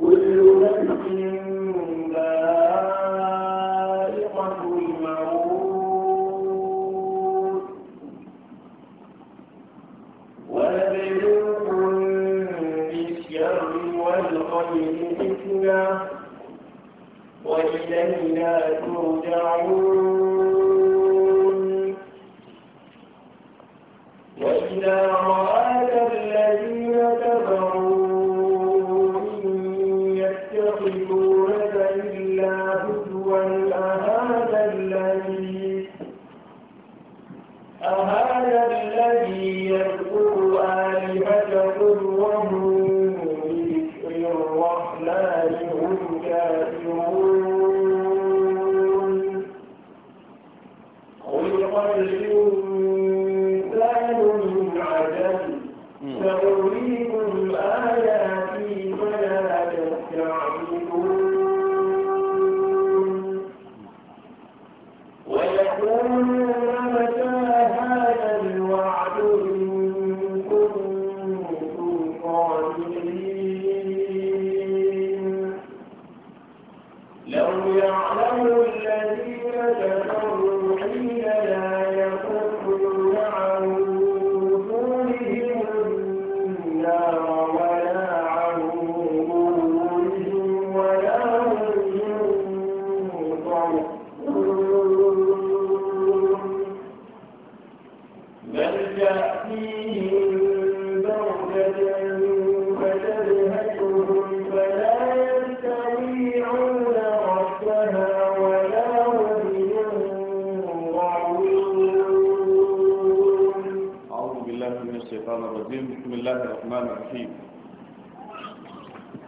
كل نفس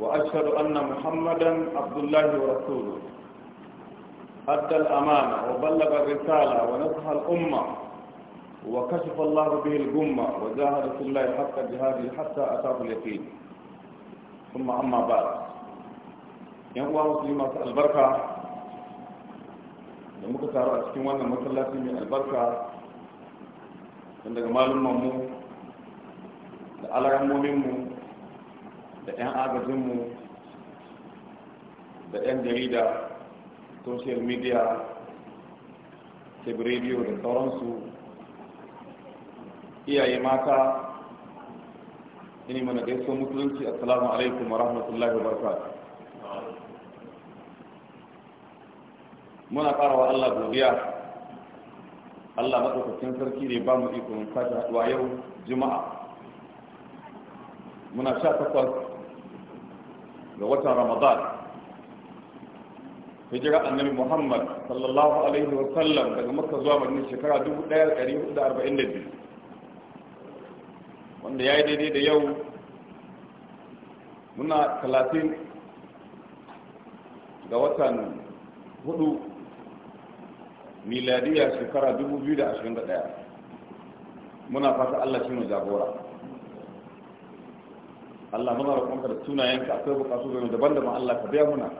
وأشهد أن محمدا عبد الله ورسوله أدى الأمانة وبلغ الرسالة ونصح الأمة وكشف الله به الغمة وجاهد في الله حق جهاده حتى أتاه اليقين ثم أما بعد yan uwa musulmi masu albarka da muka taru a cikin wannan masallaci mai albarka don daga malumman mu da alarammomin mu da 'yan agajinmu da 'yan jarida social media tv radio da sauransu iyaye mata ini mana gaisuwa musulunci assalamu alaikum wa rahmatullahi wa barka. muna ƙara wa Allah godiya Allah maɗaukakin sarki ne ba mu ikon sake haɗuwa yau juma'a muna sha takwas ga watan ramadan hijira annabi muhammad sallallahu alaihi wa sallam daga makka zuwa madina shekara 1442 wanda ya yi daidai da yau muna 30 ga watan hudu miladiya shekara 2021 muna fata allah shi mu jagora Allah muna roƙonka da sunayen sunayenka akwai bukatu gari daban-daban Allah ka biya muna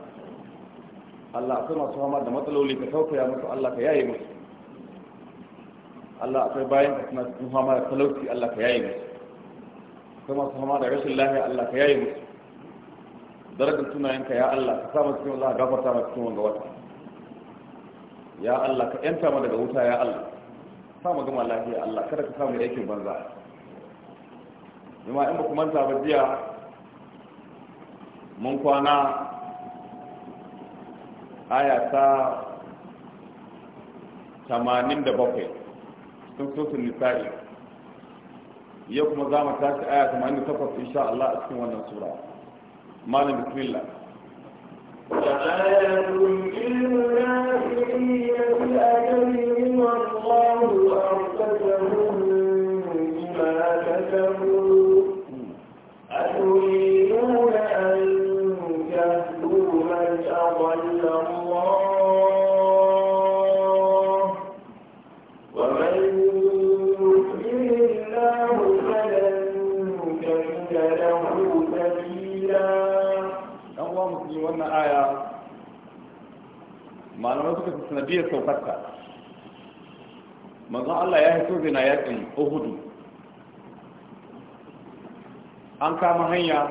Allah akwai masu fama da matsaloli ka tausaya musu Allah ka yaye musu Allah akwai bayan ka suna cikin fama da talauci Allah ka yaye musu akwai masu fama da rashin lafiya Allah ka yaye musu darajar ka ya Allah ka sa mu cikin Allah gafarta mu cikin wanga wata ya Allah ka yanta ma daga wuta ya Allah sa mu gama lafiya Allah kada ka samu aikin banza jama'a in ba ku manta ba jiya mun kwana aya ta 87 cikin sosul nisa'i yau kuma za mu tashi aya 88 insha Allah a cikin wannan sura malam bismillah وآية للمنافقين في sanadiyar saukarta mazan Allah ya hito zina yakin uhudu an kama hanya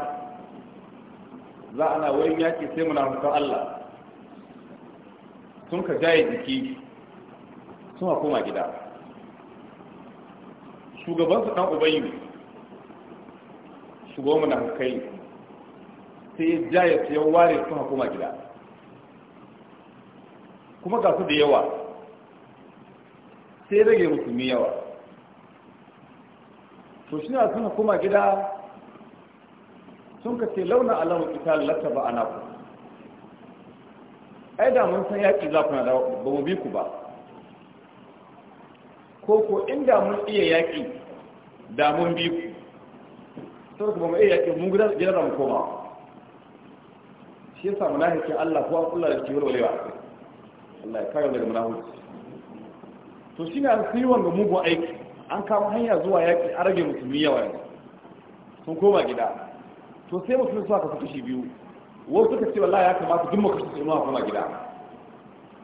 za a na wayin yaƙi sai muna hukar Allah sun ka jaye jiki sun koma gida shugabansu ɗan ubayi shugabansu na munafukai sai ya jaye su yawon ware sun koma gida kuma ga su da yawa sai rage musulmi yawa to shi na suna kuma gida sun ka ce launa alamun ita lalata ba ana ku ai da mun san yaƙi za ku na da ba mu bi ku ba ko ko inda mun iya yaƙi da mun bi ku sau kuma mu iya yaƙi mun gina da mu koma shi yasa mu nahikin Allah ko an kula da ciwon walewa Allah ya kare daga munafiki to shine an yi wanga mugun aiki an kama hanya zuwa yaƙi an rage musulmi yawa yanzu sun koma gida to sai musulmi suka kasu kashi biyu wasu suka ce wallahi ya kamata duk makashi su ma koma gida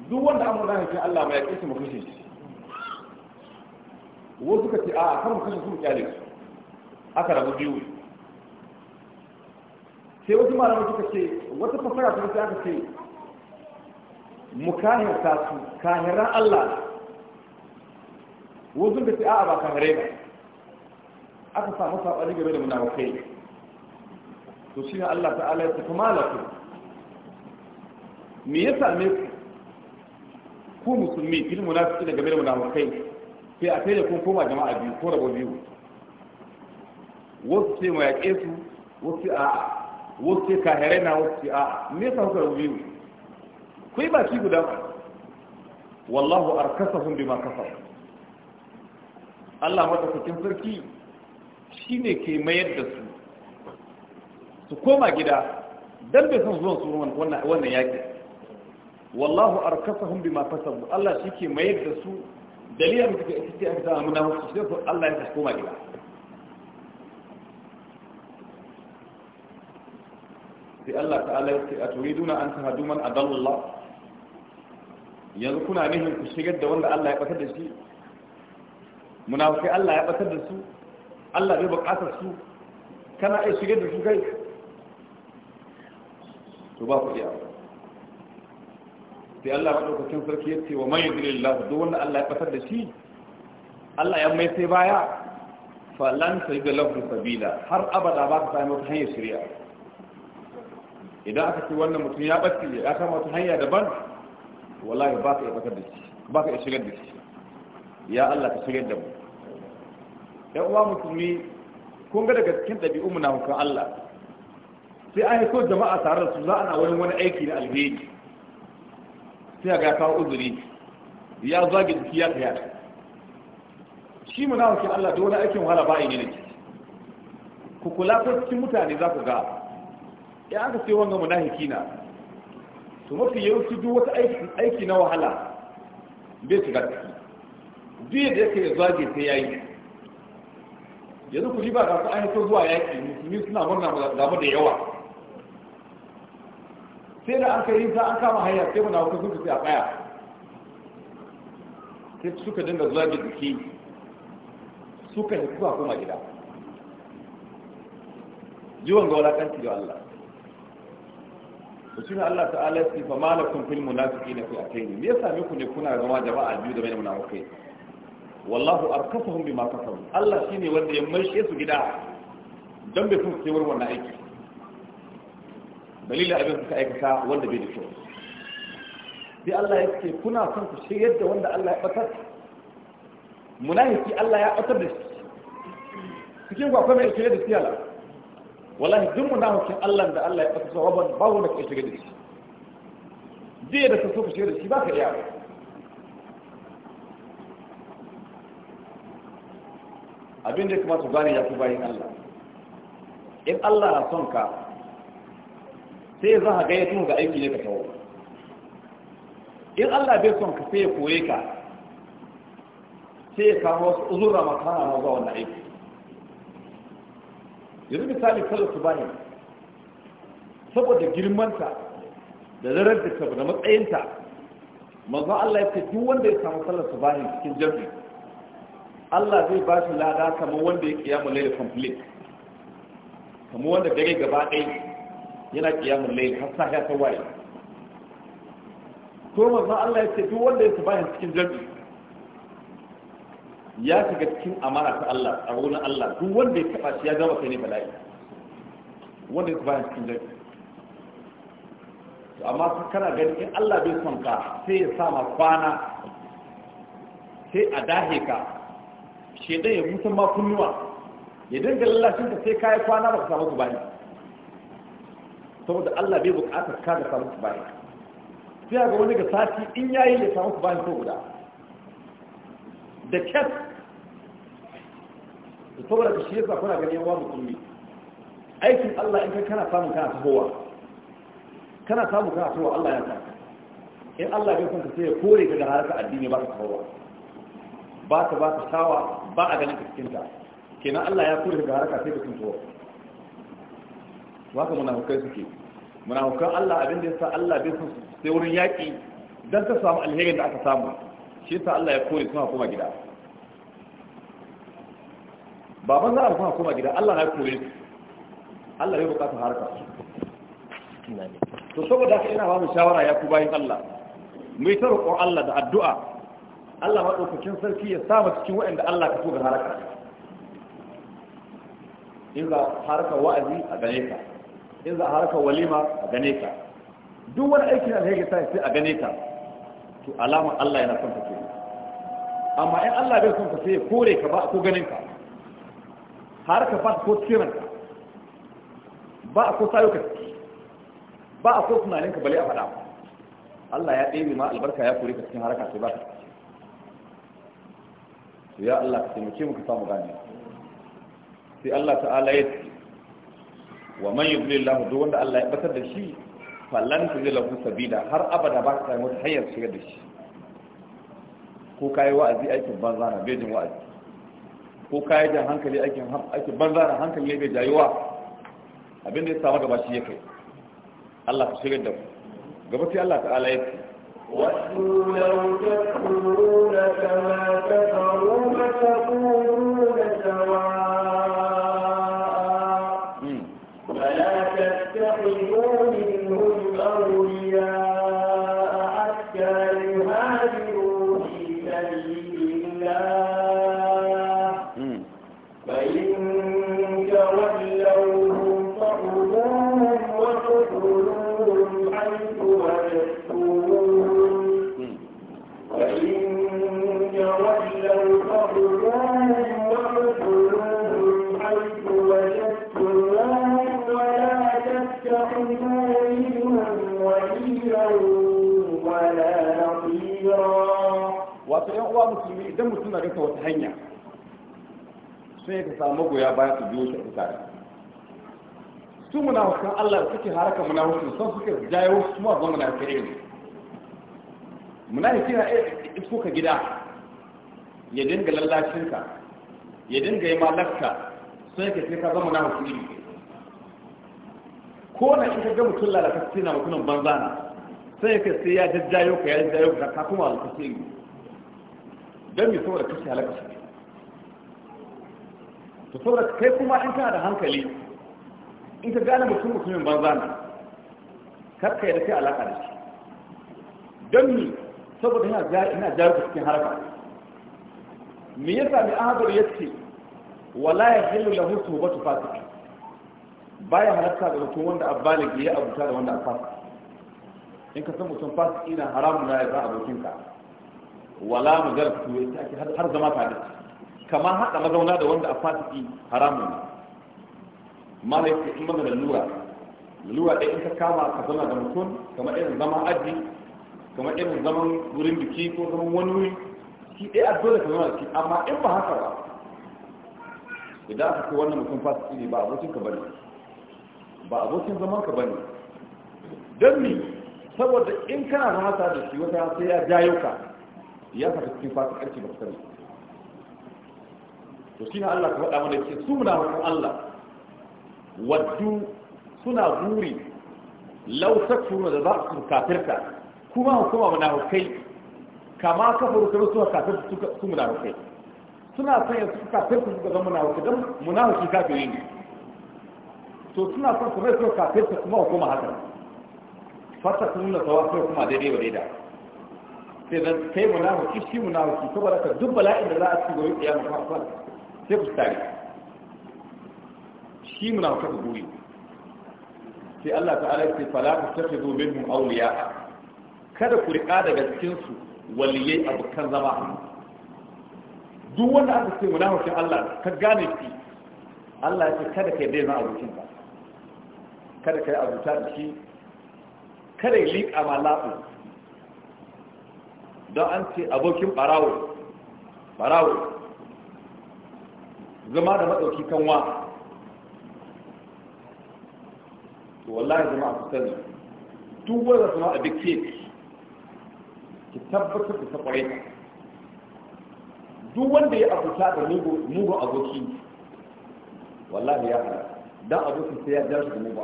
duk wanda an murna hakin Allah mai yaƙi su makashi shi wasu suka ce a kan makashi su kyale su aka rabu biyu sai wasu malamai suka ce wata fasara ta aka ce mu kahirta su kahiran Allah wuzun da a'a ba kahirai ba aka samu saɓani game da munafukai to shi ne Allah ta'ala ya tafi malaku me ya same ku ku musulmi fil munafiki da game da munafukai sai a kai da kun koma jama'a biyu ko rabo biyu wasu ce mu yaƙe su wasu a'a wasu ce kahirai na wasu ce a'a me ya sa rabo biyu ku yi baki guda ba wallahu arkasahum bima kasar Allah madaukakin sarki ne ke mayar da su su koma gida dan bai san zuwan su wannan wannan yaki wallahu arkasahum bima kasabu Allah shi ke mayar da su dalilin da kake ita ta samu na wasu sai Allah ya tashi koma gida sai Allah ta'ala ya ce a turiduna an tahadu man adalla yanzu kuna nihin ku shigar da wanda Allah ya batar da shi munafikai Allah ya batar da su Allah bai bukatar su kana iya shigar da su kai to ba ku iya sai Allah madaukakin sarki ya ce wa man yudlilillah duk wanda Allah ya batar da shi Allah ya mai sai baya falan sai da lahu sabila har abada ba ka sami wata hanyar shirya. idan aka ce wannan mutum ya bace ya kama wata hanya daban wallahi ba ka iya da shi ba ka iya shigar da shi ya Allah ka shigar da mu ɗan uwa musulmi kun ga daga cikin ɗabi'u mu na kan Allah sai an haiko jama'a tare da su za ana wani wani aiki na alheri sai ga kawo uzuri ya zage jiki ya tsaya shi mu na hukan Allah da wani aikin wahala ba yi ne ku kula ko cikin mutane za ku ga ya aka ce wanga munafiki na to mafi yawanci duk wata aiki na wahala bai shiga ciki duk yadda yake ya zage sai yayi yanzu ku ji ba kasu an so zuwa yaƙi musulmi suna murna game da yawa sai da an kai sa an kama hanya sai muna wasu sun a kaya sai suka dinga zage jiki suka hito kuma gida jiwon ga wulaƙanci da Allah to shi Allah ta'ala ya fa malakum fil munafiqina fi ataini me yasa muku ne kuna zama jama'a biyu da bai munafikai wallahu arkasahum bima kafaru Allah shine wanda ya maishe su gida dan bai sun sai wannan aiki dalilin abin suka aikata wanda bai da kyau sai Allah ya ce kuna son ku shiryar yadda wanda Allah ya batar munafiki Allah ya batar da shi cikin ku akwai mai shirye da siyala wallahi duk munafikin Allah da Allah ya fasa rabon ba da ka shiga da shi da su ka shiga da shi ba ka iya abin da kuma su gane ya fi bayin Allah in Allah na son ka sai za ka gaya tun ga aiki ne ka kawo in Allah bai son ka sai ya koye ka sai ya kawo wasu uzura maka hana zuwa wannan aiki yanzu misali kala su bayan saboda girmanta da zarar da da matsayinta mazan Allah ya ce duk wanda ya samu kala su bayan cikin jami'i Allah zai ba shi lada kama wanda ya kiyamun laila complete Kama wanda dare gaba ɗaya yana kiyamun laila har sa ya tawaye ko mazan Allah ya ce duk wanda ya su bayan cikin jami'i ya shiga cikin amana ta Allah a wani Allah duk wanda ya taba shi ya gama kai ne bala'i wanda ya bayan cikin dai to amma su kana gani in Allah bai son ka sai ya sa ma kwana sai a dahe ka shedan ya musan ma kunnuwa ya dinga lallashin ka sai kai kwana ba ka samu kubani saboda Allah bai bukatar ka da samu kubani sai ga wani ga sati in yayi ya samu kubani ko guda da kyas da saboda ka shirya kuna ganin yawa musulmi aikin Allah in ka kana samun kana tahowa kana samun kana tahowa Allah ya saka in Allah bai son ka sai ya kore ka ga harkar addini ba ka tahowa ba ka ba ka shawa ba a ganin ka cikin kenan Allah ya kore ka ga harkar sai ka tuntuwa Waka ka munafukai suke munafukan Allah abin da ya sa Allah bai son sai wurin yaƙi don ka samu alherin da aka samu shi sa Allah ya kore suna koma gida Baban za a suna koma gida Allah ya kore su Allah ya bukata harka to saboda haka ina ba shawara ya ku bayin Allah mu ta roƙon Allah da addu'a Allah ma maɗaukakin sarki ya sa mu cikin waɗanda Allah ka so ga haraka in za haraka wa'azi a gane ka in za haraka walima a gane ka duk wani aikin alheri sai a gane ka to alamar Allah yana son ka ke amma in Allah bai son ka sai ya kore ka ba ko ganin ka har ka fata ko tsirin ka ba a ko sayo ka ba a ko tunanin ka bale a faɗa Allah ya ɗebe ma albarka ya kore ka cikin haraka sai ba ka to ya Allah ka taimake mu ka samu gane sai Allah ta'ala ya ce wa man yudlillahu duk wanda Allah ya batar da shi falan su ji lagu sabila har abada ba ka sami wata hanyar shiga da shi ko ka yi wa'azi aikin banza na bejin wa'azi ko ka yi jan hankali aikin banza na hankali bai jayuwa abinda ya samu gaba shi ya kai Allah ka shigar da ku gaba sai Allah ta'ala ya ce wasu lau takuruna kama kafaru ka takuru suna wata hanya sai ka samu goya baya su biyo shi a tare su munafukan Allah suke haraka munafukan sun suke jayo su ma zama munafukan irin munafiki na isko ka gida ya dinga lallashin ka ya dinga yi malakka sai ka sai ka zama na iri ko na in ka ga mutum su na mutumin banzana sai ka sai ya jajjayo ka ya jajjayo ka a kuma yi don mai saboda kashe halaka shi to saboda kai kuma in kana da hankali in ka gane mutum mutumin banza ne karka yadda kai alaka da shi don mi saboda yana jaruka cikin haraka me yasa mai ahadar ya ce wala ya hillu lahu suhbatu fasik baya halatta da mutum wanda abbaligi ya abuta da wanda afasa in ka san mutum fasiki na haramun na ya za abokinka wala majalar su ya ake har zama tare kamar haɗa mazauna da wanda a fasiki haramun ne malaka in mana da lura lura ɗaya in ka kama ka zauna da mutum kamar irin zama aji kamar irin zaman wurin biki ko zaman wani wuri shi ɗaya a dole ka zauna da shi amma in ba haka ba idan aka ce wannan mutum fasiki ne ba abokin ka bane ba abokin zaman ka bane don ni saboda in kana zama da shi wata sai ya jayo ka ya saka cikin fasikarci ba sani to shi Allah ka faɗa mana ce su munafikan Allah waddu suna buri law takfuru da za su kafirta kuma hukuma hukai kama kafaru ka rusuwa kafir su hukai suna son yanzu su kafir su zama hukai dan hukai kafiri ne to suna son su kafir su kuma kuma hukuma haka fata kun nuna sawa kuma daidai wa daidai sai zan kai munafiki shi munafiki ba ka duk bala'in da za a ci gobe ya mutu akwai sai ku tare shi munafiki ku gobe sai Allah ta'ala ya ce fala tattakhidhu minhum awliya kada ku riƙa daga cikin su waliyai abukan zama duk wanda aka ce munafikin Allah ka gane shi Allah ya ce kada kai dai zan abokin ka kada kai abuta da shi kada ya liƙa ma lafiya don an ce abokin barawo barawo zama da maɗauki kanwa to wallahi zama a kusan duk wanda zama a big cake ki tabbatar da safarai duk wanda ya abuta da mugun aboki wallahi ya hana Don abokin sai ya jar da mugun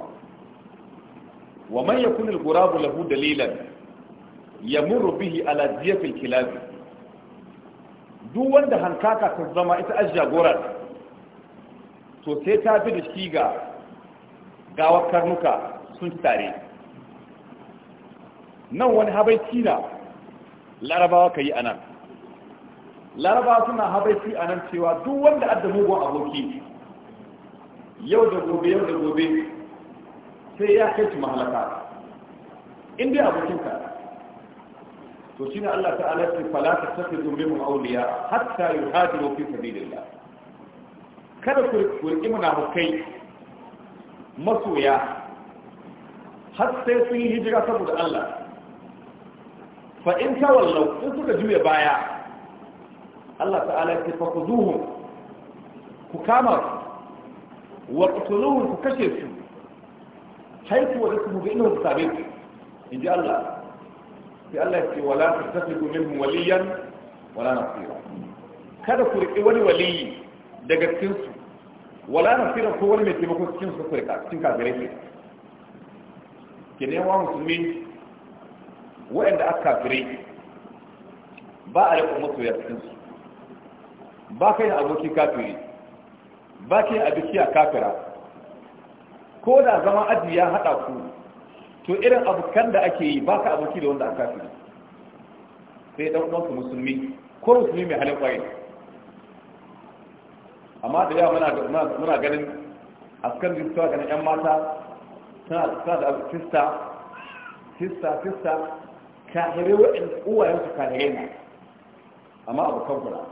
wa man yakun al-ghurabu lahu dalilan Ya muru bihi ala diyafil kilabi duk wanda hankaka ta zama ita ajiya gorar to sai ta bi da shi ga gawar karnuka sun tare nan wani habaici na larabawa ka yi a nan larabawa suna habaici a nan cewa duk wanda adda mugun aboki yau da gobe yau da gobe sai ya kai su mahalaka inda abokinka to shine Allah ta'ala ce fala tattakhidhu minhum awliya hatta yuhajiru fi sabilillah kada ku riƙi munafukai masoya har sai sun yi hijira saboda Allah fa in tawallau in suka juya baya Allah ta'ala ya ce fa ku kuzuhum ku kama su wa qtuluhum ku kashe su haitu wa lakum bi annahum sabiq inji Allah sai Allah ya ce wala tattafidu minhum waliyan wala nasira kada ku riƙe wani waliyi daga cikin su wala nasira ko wani mai taimako cikin su ku riƙa cikin kafirai ke ke ne wa musulmi waɗanda aka kafirai ba a riƙa ya cikin su ba kai aboki kafiri ba kai a kafira ko da zama aji ya haɗa ku to irin abokan da ake yi baka aboki da wanda aka kafiri sai dan uwanka musulmi ko musulmi mai halin kwaye amma da yawa muna ganin askan da suka ganin yan mata suna da fista, fista-fista, kahire wa'in uwayen su kahire ne amma abokan Ba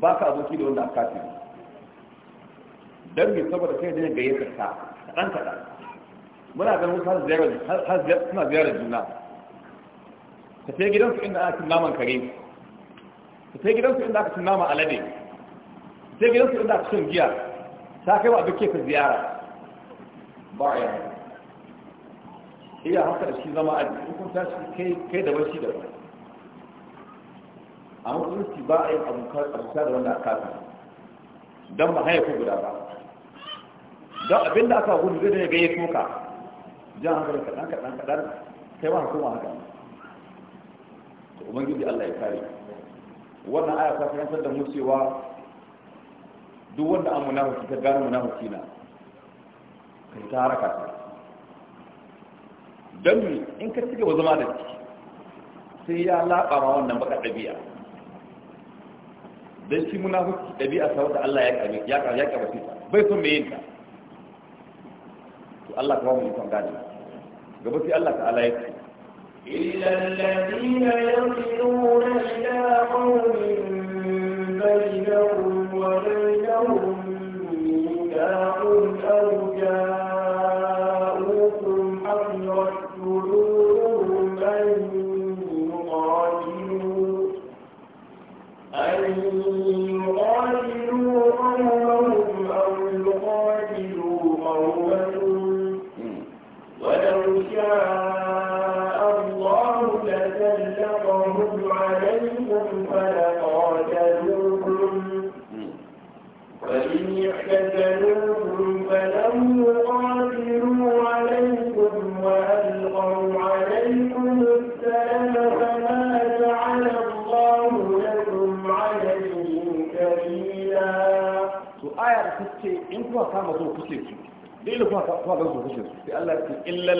baka aboki da wanda aka kafiri don me saboda kai ne gayyatar ka ɗan kaɗan muna ganin wasu suna ziyarar juna ta sai gidansu inda aka cin naman kare ta sai gidansu inda aka cin naman alade ta sai gidansu inda aka cin giya ta kai wa abin ke ka ziyara ba a yana iya haka da shi zama a jikin kun tashi kai da wani shi da wani a mutunci ba a yin abuka da wanda a kasa don ba haya ku guda ba don abinda aka gudu zai da ya gayyato ka jan hankali kaɗan kaɗan kaɗan kai ba hukuma haka to ubangiji Allah ya kare wannan aya ta karantar da mu cewa duk wanda an munafiki ta gano munafiki na kai ta haraka ta dan in ka cike wa zama da ciki sai ya laɓa ma wannan baka ɗabi'a dan shi munafiki ɗabi'a sa wanda Allah ya kare ya kare ya kare bai son me yin ta Allah ka ba mu ikon gaba sai Allah ta'ala ya ce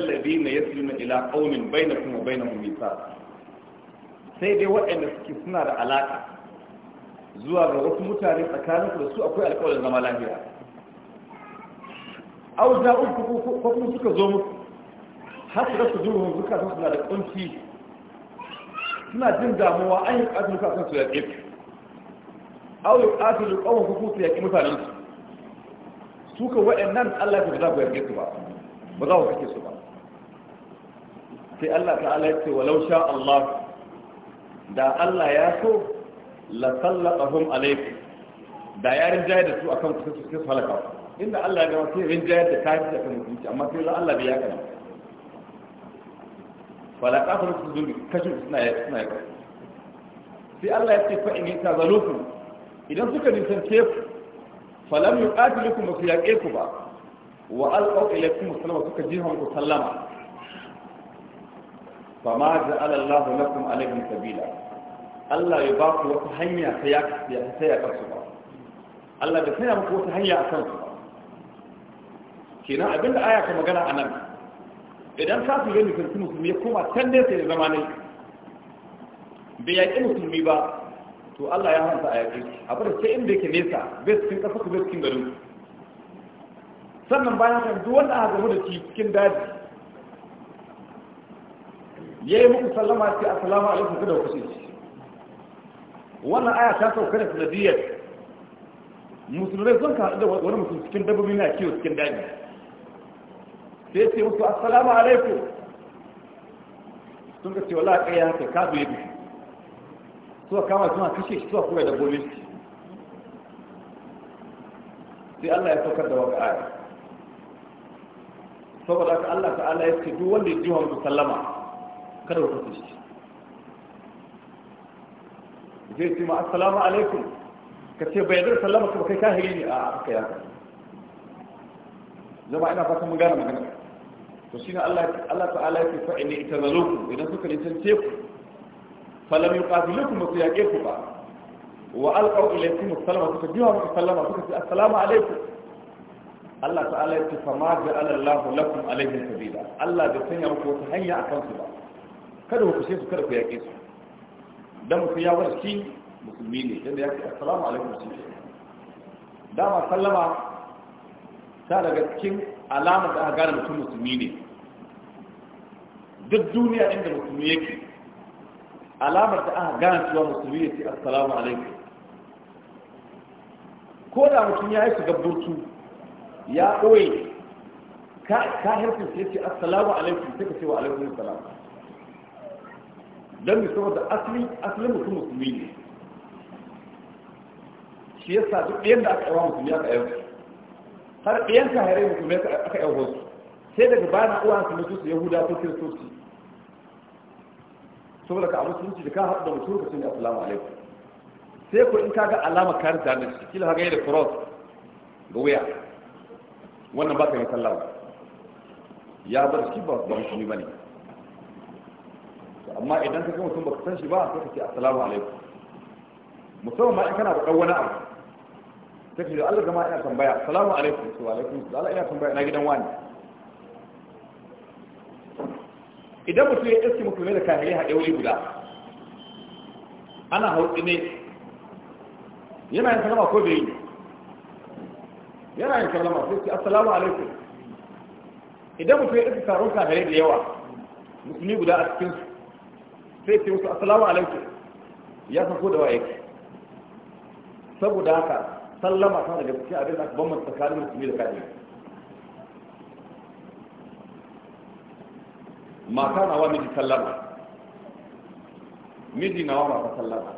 ladina yasluna ila qaumin bainakum wa bainahum mithaq sai dai waɗanda suke suna da alaka zuwa ga wasu mutane tsakanin da su akwai alƙawarin zama lafiya aw za'u ko kuma suka zo muku har su rasu duhun zuka sun suna da kunci suna jin damuwa an yi ƙasar zuka su yaƙe aw yi ƙasar zuka kuku su yaƙi mutanen su suka waɗannan Allah ya fi za ku su ba ba za ku kake su ba sai Allah ta'ala ya ce walau sha Allah da Allah ya so la sallatahum alaykum da ya rinjaye da su akan kusa su sai halaka inda Allah ya gama sai rinjaye da kafi da kan mutunci amma sai Allah bai ya kana wala kafir su zubi kashin suna ya suna ya sai Allah ya ce fa in yatazalukum idan suka nisan tefu falam yuqatilukum fi yaqiku ba wa alqaw ilaykum salama suka jiha muku sallama fama da alallahu lakum alaihim sabila Allah ya ba ku wata hanya ta ya ta ya kasu ba Allah da saya muku wata hanya a kansu ba kenan abinda aya ka magana a nan idan ka fi gani kan musulmi ya koma can ne sai ya zama ne bai yaƙi musulmi ba to Allah ya hanta a yaƙi abu da sai inda yake nesa bai cikin ƙasa ku bai cikin garin sannan bayan kan duk wanda aka gamu da cikin daji ya yi muku sallama ce assalamu alaikum kada ku shi wannan aya ta sauka da sanadiyar musulmai sun ka da wani mutum cikin dabbobi na kiwo cikin daji sai ce musu assalamu alaikum sun ka ce wala kai ya haka kazu ya bishi suka kama suna kashe shi suka da dabbobin shi sai Allah ya saukar da wata aya saboda haka Allah ta'ala ya ce duk wanda ya ji wa mutu sallama kada ku kafa shi zai ce ma assalamu alaikum ka ce bai zai sallama ka kai kahiri ne a aka ya ka zama ina fatan mun gane magana to shine Allah Allah ta'ala ya ce fa inni itanalukum idan suka nisance ku falam yuqatilukum ba su yaƙe ku ba wa alqaw ilaykum assalama suka biya muku sallama suka ce assalamu alaikum Allah ta'ala ya ce fa ma ja'ala Allahu lakum alaihim sabila Allah bai sanya muku wata hanya akan su ba kada ku kushe su kada ku yaƙe su dan mutum ya bar shi musulmi ne dan ya ce assalamu alaikum shi ma sallama ta daga cikin alamar da aka gane mutum musulmi ne duk duniya inda musulmi yake alamar da aka gane cewa musulmi ne ce assalamu alaikum ko da mutum ya yi su burtu ya ɓoye ka harfin sai ce assalamu alaikum sai ka ce wa alaikum salam don mu saboda asali asalin mutum musulmi ne shi ya sa duk ɗayan da aka yawa musulmi aka yawa har ɗayan ka hare musulmi aka yawa su sai daga bayan uwa su mutu su yahuda ko kiristoci saboda ka musulunci da ka haɗu da mutum ka sani asalamu alaikum sai ko in ka ga alama kayan zanen shi kila haka yi da cross ga wuya wannan ba ka yi sallawa ya bar shi ba musulmi ba ne amma idan ka ga mutum baka san shi ba sai ka ce assalamu alaikum musamman ma in kana da wani abu sai ka ce Allah gama ina tambaya assalamu alaikum to alaikum Allah ina tambaya na gidan wani idan mutum ya iske mutum ne da kafirai haɗe wuri guda ana hauɗi ne yana yin kalama ko bai yi yana yin kalama sai ce assalamu alaikum idan mutum ya iske taron kafirai da yawa musulmi guda a cikinsu sai ce musu assalamu alaikum ya san da waye saboda haka sallama ta daga cikin abin da aka bambanta tsakanin musulmi da kafiri mata na wa miji sallama miji na wa mata sallama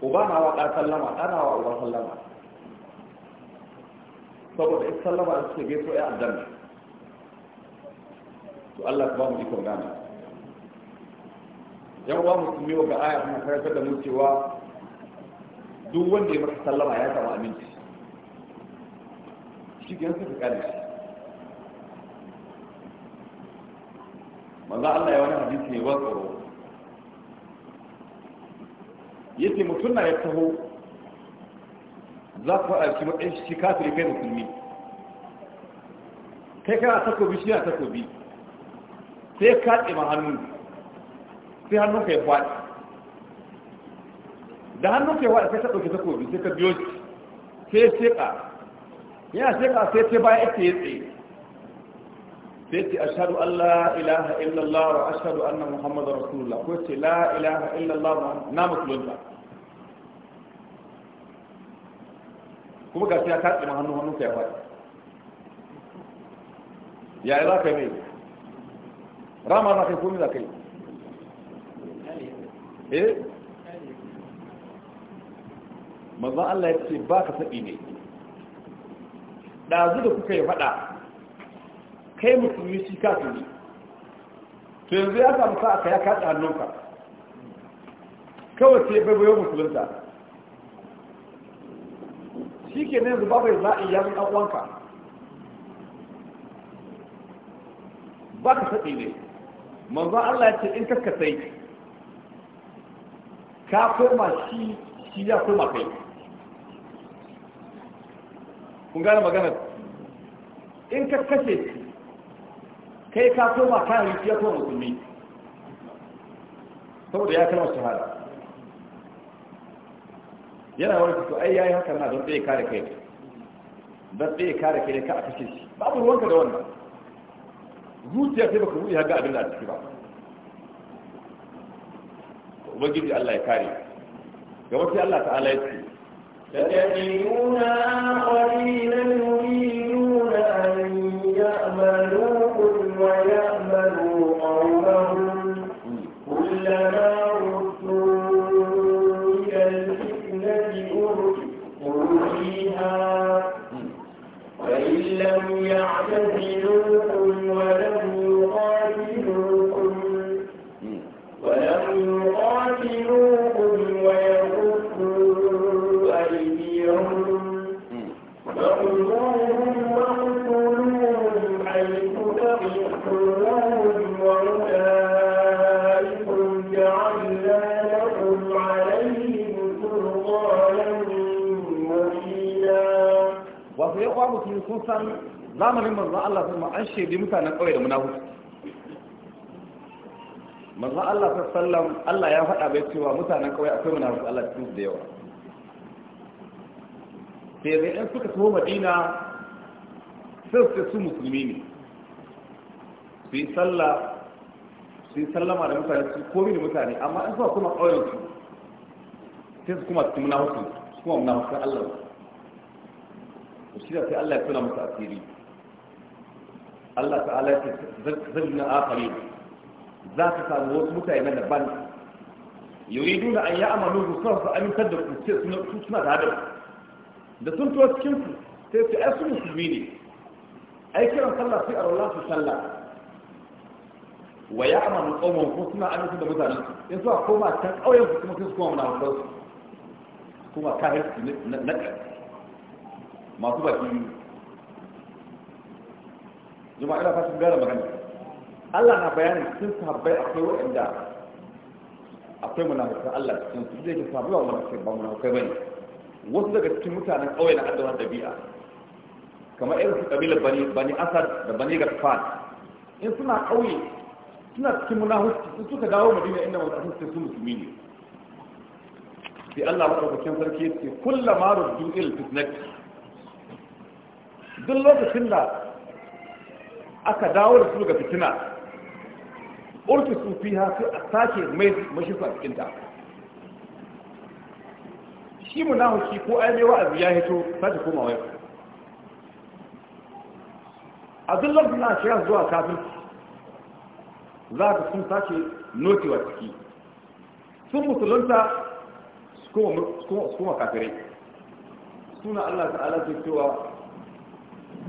uba na wa ɗan sallama ɗan na wa uba sallama saboda ita sallama da suke gaiso ya aljanna to Allah ta ba mu ikon gane yan uwa musulmi wa ga aya kuma karantar da mu cewa duk wanda ya maka sallama ya samu aminci shi ke yansu ka kare shi manzo Allah ya wani hadisi ne ba tsaro yace mutum na ya taho za ku aiki matsayin shi kafiri kai musulmi kai kana takobi shi na takobi sai ka ma hannu sai hannunka ya faɗi da hannunka ya faɗi sai ka ɗauki takobi sai ka biyo sai ya sheƙa yana sheƙa sai ce baya ita ya tsaye sai ce ashadu Allah ilaha illallah wa ashadu anna muhammadu rasulullah ko ce la ilaha illallah na musulunta kuma ga ya kaɗe ma hannu hannunka ya faɗi ya yi za ka yi mai rama za ka yi komi za ka yi Eh? mazan Allah ya ce ba ka saɓi ne ɗazu da kuka yi faɗa kai musulmi shi ka tuni to yanzu ya samu sa aka ya kaɗa hannunka kawai ce bai bayan musulunta shi ke ne yanzu bai za'i ya zan ɗan'uwanka ba ka saɓi ne mazan Allah ya ce in kaskasai ka koma shi shi ya koma kai kun gane maganar in ka kashe kai ka koma kayan shi ya koma musulmi saboda ya kalmar shahada yana wani fito ai yayi haka na don tsaye kare kai don tsaye kare kai ka a kashe shi babu ruwanka da wannan zuciya sai baka buɗe haka abin da a ciki ba ubangiji Allah ya kare gaba sai Allah ta'ala ya ce تجدون آخرين wato ya kwa musulmi sun san zamanin manzon Allah sun an shaidi mutanen ƙauye da munafiki manzon Allah sallam Allah ya faɗa bai cewa mutanen ƙauye akwai munafiki Allah cikin su da yawa sai zai ɗan suka taho Madina sai su su musulmi ne su yi sallah su yi sallama da mutane su komi da mutane amma in suka kuma kauyen su sai su kuma cikin munafiki su kuma munafikan Allah shi da sai Allah ya tuna musu asiri Allah ta'ala ya ce zalna akari za ka samu wasu mutane na daban yuridu da an yi amalu su sa su amintar da ku ce suna da hadar da sun tuwa cikin su sai su ai su musulmi ne ai kiran sallah sai a rola su sallah wa ya amalu tsawon ko suna amintar da mutane? su in suka koma can ƙauyen su kuma sai su koma munafukan su kuma kahirsu na ƙarfi masu baki biyu jama'a ina fashin gara magana Allah na bayanin sun sahabbai akwai waɗanda akwai munafikan Allah cikin su zai ke sabu ba munafikai ba kai bane wasu daga cikin mutanen ƙauye na addabar dabi'a kamar irin su kabilar bani bani asad da bani gafan in suna ƙauye suna cikin munafiki su suka dawo madina inda wasu sun musulmi ne sai Allah madaukakin sarki ya ce kullama ruddu il fitnati duk lokacin da aka dawo da su ga fitina urfi su fi ha a sake mai mashifa a cikin ta shi mu nahu shi ko ai mai wa'azi ya hito ta koma waya a duk lokacin da shi zuwa kafin za ka sun sake notewa ciki sun musulunta su kuma kafirai suna Allah ta'ala ke cewa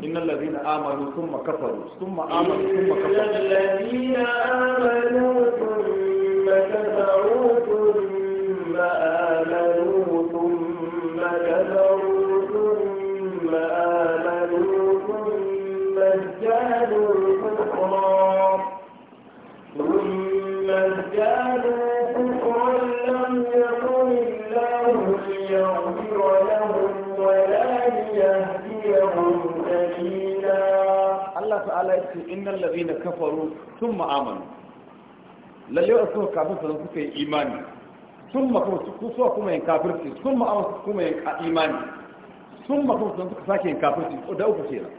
إن الذين آمنوا ثم كفروا ثم آمنوا ثم كفروا إن الذين آمنوا ثم كفروا ثم آمنوا ثم كفروا innal ladina kafaru thumma amanu lalle wa suka kafir sun suka yi imani thumma kuma su so kuma yin kafirci thumma amanu kuma yin imani thumma kuma sun suka sake yin kafirci da uku kenan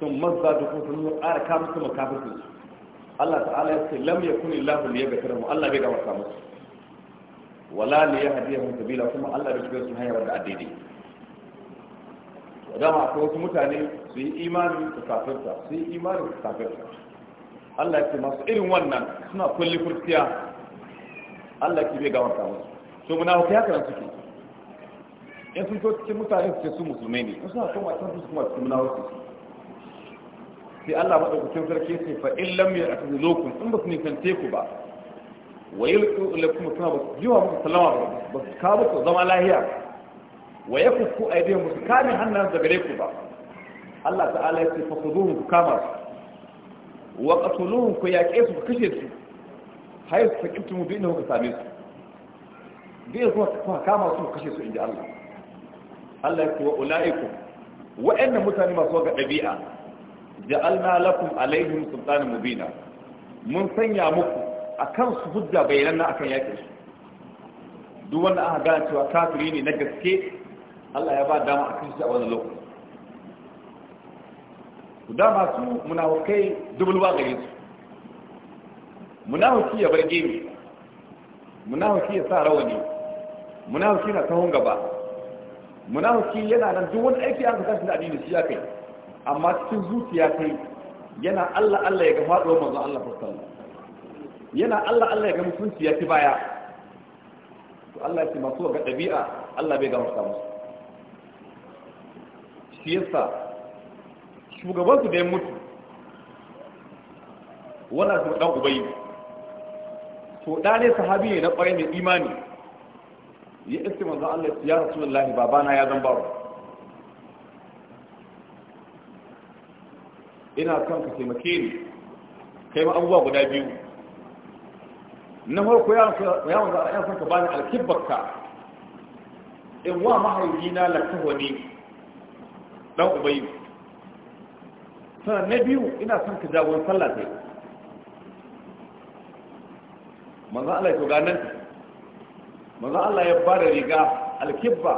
sun zadu da kuma sun ara kafirci kuma kafirci Allah ta'ala ya ce lam yakun illahu liyaghfirahu Allah bai gafarta musu wala li yahdihum sabila kuma Allah bai shigar su hanyar da addini dama akwai wasu mutane su yi imanin su kafirta su yi imanin su kafirta Allah ya ce masu irin wannan suna kulli furtiya Allah ki bai gawarta musu to hukai haka nan suke in sun to cikin mutane su ce su musulmai ne in suna koma can su kuma muna hukai sai Allah madaukakin sarki sai fa in lam lokun in ba su nisance ku ba wa yulqu ilaykum suna ba su jiwa muku salama ba ba su kawo zama lahiya wa yakfu aydihim su kame hannan daga gare ku ba Allah ta'ala ya ce fasuduhum ku kama su wa qatuluhum ku yaƙe su ku kashe su hayy su fakimtu mu bin ku same su bin ku ku kama su ku kashe su inda Allah Allah ya ce wa ulaiku wa'annan mutane masu ga dabi'a ja'alna lakum alaihim sultanan mubina mun sanya muku akan su hujja na akan yaƙin su duk wanda aka gane cewa kafiri ne na gaske Allah ya ba dama a kashe a wani lokaci ku masu munawakai dubu dubulwa gare su munawaki ya bar gemi munawaki ya sa rawani munawaki na tahon gaba munawaki yana nan duk wani aiki an kasance da addini shi ya kai amma cikin zuciya kai yana Allah Allah ya ga faɗuwar manzo Allah sallallahu yana Allah Allah ya ga mutunci ya ci baya to Allah ya ce masu ga ɗabi'a Allah bai ga musu shi yasa shugabansu da ya mutu wannan su dan ubayi to da ne sahabi ne na kwarai mai imani ya iske manzo Allah ya rasulullahi babana ya zan baro ina son ka taimake ni kai ma abubuwa guda biyu na farko ya yawon za a yan ka bani alkibbarka in wa mahaifina lakahwani dan ubayi sannan na biyu ina son ka jagon sallah ta yi manzan Allah ya to ganin manzan Allah ya ba da riga alkibba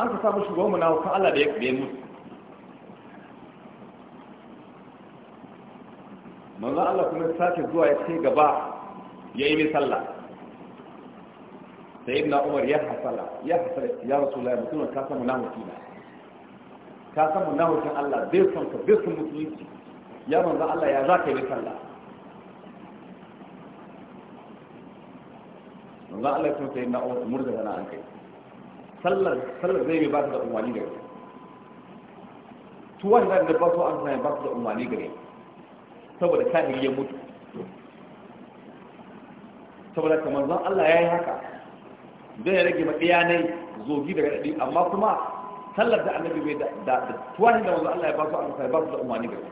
an ka samu shugaban mu na hukan Allah da ya kube mu manzan Allah kuma ya sake zuwa ya ce gaba ya yi mai sallah sai ibn Umar ya hasala ya hasala ya rasulullahi mutumin ka samu na mutuna ka san mun nahukin Allah bai son ka bai son musulunci ya manzo Allah ya za ka yi sallah manzo Allah ya sai na murda sana an kai sallar sallar zai ba da umarni da su wannan da ba su an sanya ba su da umarni gare saboda kafiri ya mutu saboda kamar zan Allah ya yi haka zai rage ma ɗiyanai zogi daga ɗaɗi amma kuma sallar da annabi bai da da da wanzu Allah ya ba su amsa ya ba su da umarni gari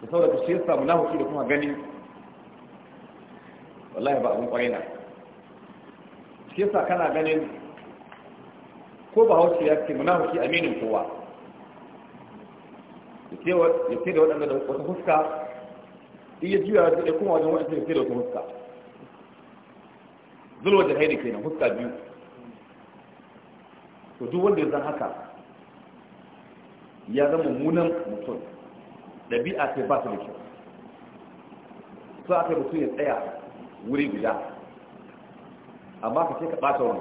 da ku shi na hukuri da kuma gani wallahi ba abun kwarai na shi yasa kana ganin ko ba haushi ya ce munafiki aminin kowa ya ce da waɗanda da wata huska iya juya da kuma wajen wajen ya ce da wata huska zulwa da haini kenan huska biyu to duk wanda ya zan haka ya zama munan mutum ɗabi'a sai ba su da kyau so aka yi mutum ya tsaya wuri guda amma ka ce ka ɓata wani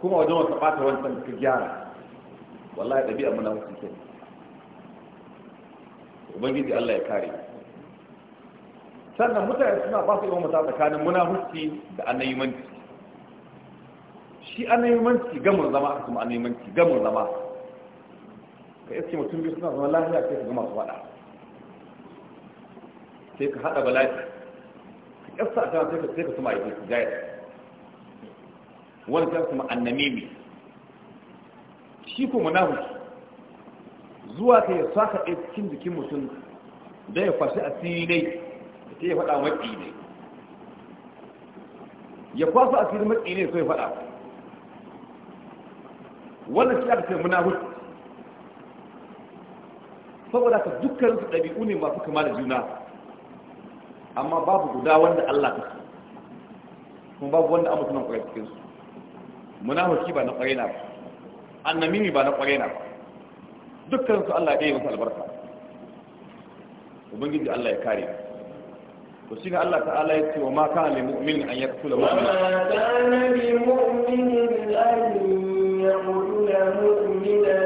kuma wajen wata ɓata wani sanda ka gyara wallahi ɗabi'a muna wasu ke ubangiji allah ya kare sannan mutane suna ba su yi wa mata tsakanin munafuci da manci shi annabimanci gamar zama aka kuma annabimanci gamar zama ka yi ce mutum biyu suna zama lahiya sai ka gama su faɗa sai ka haɗa bala'i ka ƙasa a kan sai ka suma a yi gaya wani ta kuma ne shi ko munafiki zuwa ka ya saka ɗaya cikin jikin mutum da ya fashi a siri dai da ta yi faɗa maƙi ne ya kwasa a siri maƙi ne sai ya faɗa wannan shi aka ce munafiki saboda ka dukkan su ɗabi'u ne masu kama da juna amma babu guda wanda Allah ka so kuma babu wanda an mutunan kwarai cikin su munafiki ba na kwarai na ba annamimi ba na kwarai na ba dukkan su Allah ya yi masa albarka ubangiji Allah ya kare mu to shi ne Allah ta'ala ya ce wa ma kana lil mu'min an yaqtula mu'mina wa مؤمنا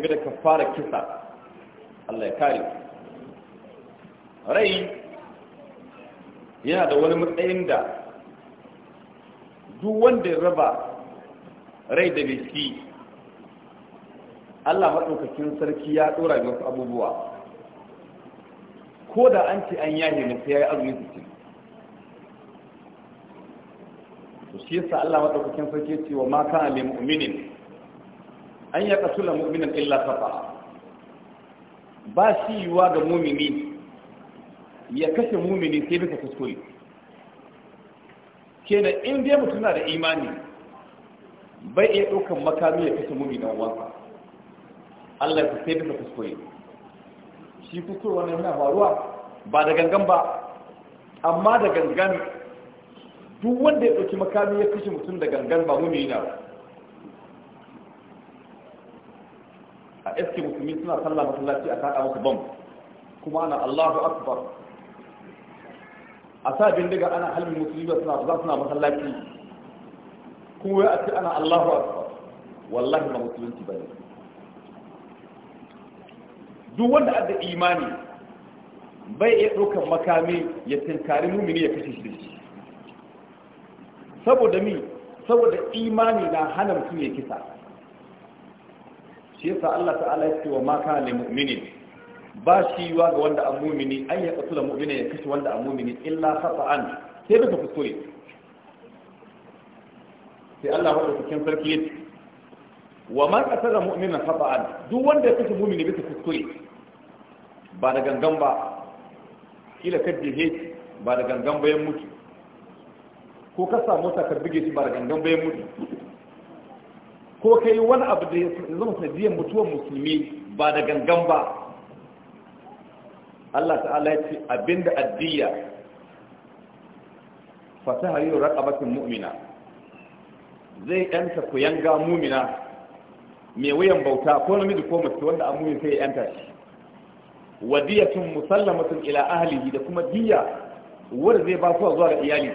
game da kafara kisa Allah ya kare rai yana da wani matsayin da duk wanda ya raba rai da miski Allah maɗaukakin sarki ya ɗora ga abubuwa ko da an ce an yaye na sai ya yi azumi sittin to shi yasa Allah maɗaukakin sarki ce wa ma kana lil mu'minin an yi ƙasula mu'minan illa kafa ba shi yiwuwa ga mumini ya kashe mumini sai bisa kuskure kenan in dai mutum na da imani bai iya ɗaukan makami ya kashe mumini dan wasa Allah ya sai bisa kuskure shi kuskure wannan yana faruwa ba da gangan ba amma da gangan duk wanda ya ɗauki makami ya kashe mutum da gangan ba mumini na ba a iske musulmi suna sallah masallaci a kada musu bam kuma ana Allahu akbar a sa bindiga ana halin musulmi suna za suna masallaci kuma ya ce ana Allahu akbar wallahi ma musulunci bane duk wanda da imani bai iya ɗaukar makami ya tinkari mumini ya kashe shi saboda mi saboda imani na hana mutum ya kisa shi yasa Allah ta'ala ya ce wa ma kana lil mu'mini ba shi wa ga wanda an mu'mini an ya qatula mu'mina ya kashe wanda an mu'mini illa khata'an sai da kuskure sai Allah wa cikin sarki yace wa ma qatala mu'mina khata'an duk wanda ya kashe mu'mini bisa kuskure ba da gangan ba kila kaddi he ba da gangan bayan mutu ko ka samu ta ka shi ba da gangan bayan mutu ko yi wani abu da ya zama sanadiyar mutuwar musulmi ba da gangan ba Allah ta'ala ya ce abinda addiya fataha yi raƙabatin mu'mina zai yanta ku yanga mumina mai wuyan bauta ko namiji ko mace wanda an mumin sai ya yanta shi wadiyatun musallamatun ila ahlihi da kuma diya wanda zai ba kuwa zuwa ga iyali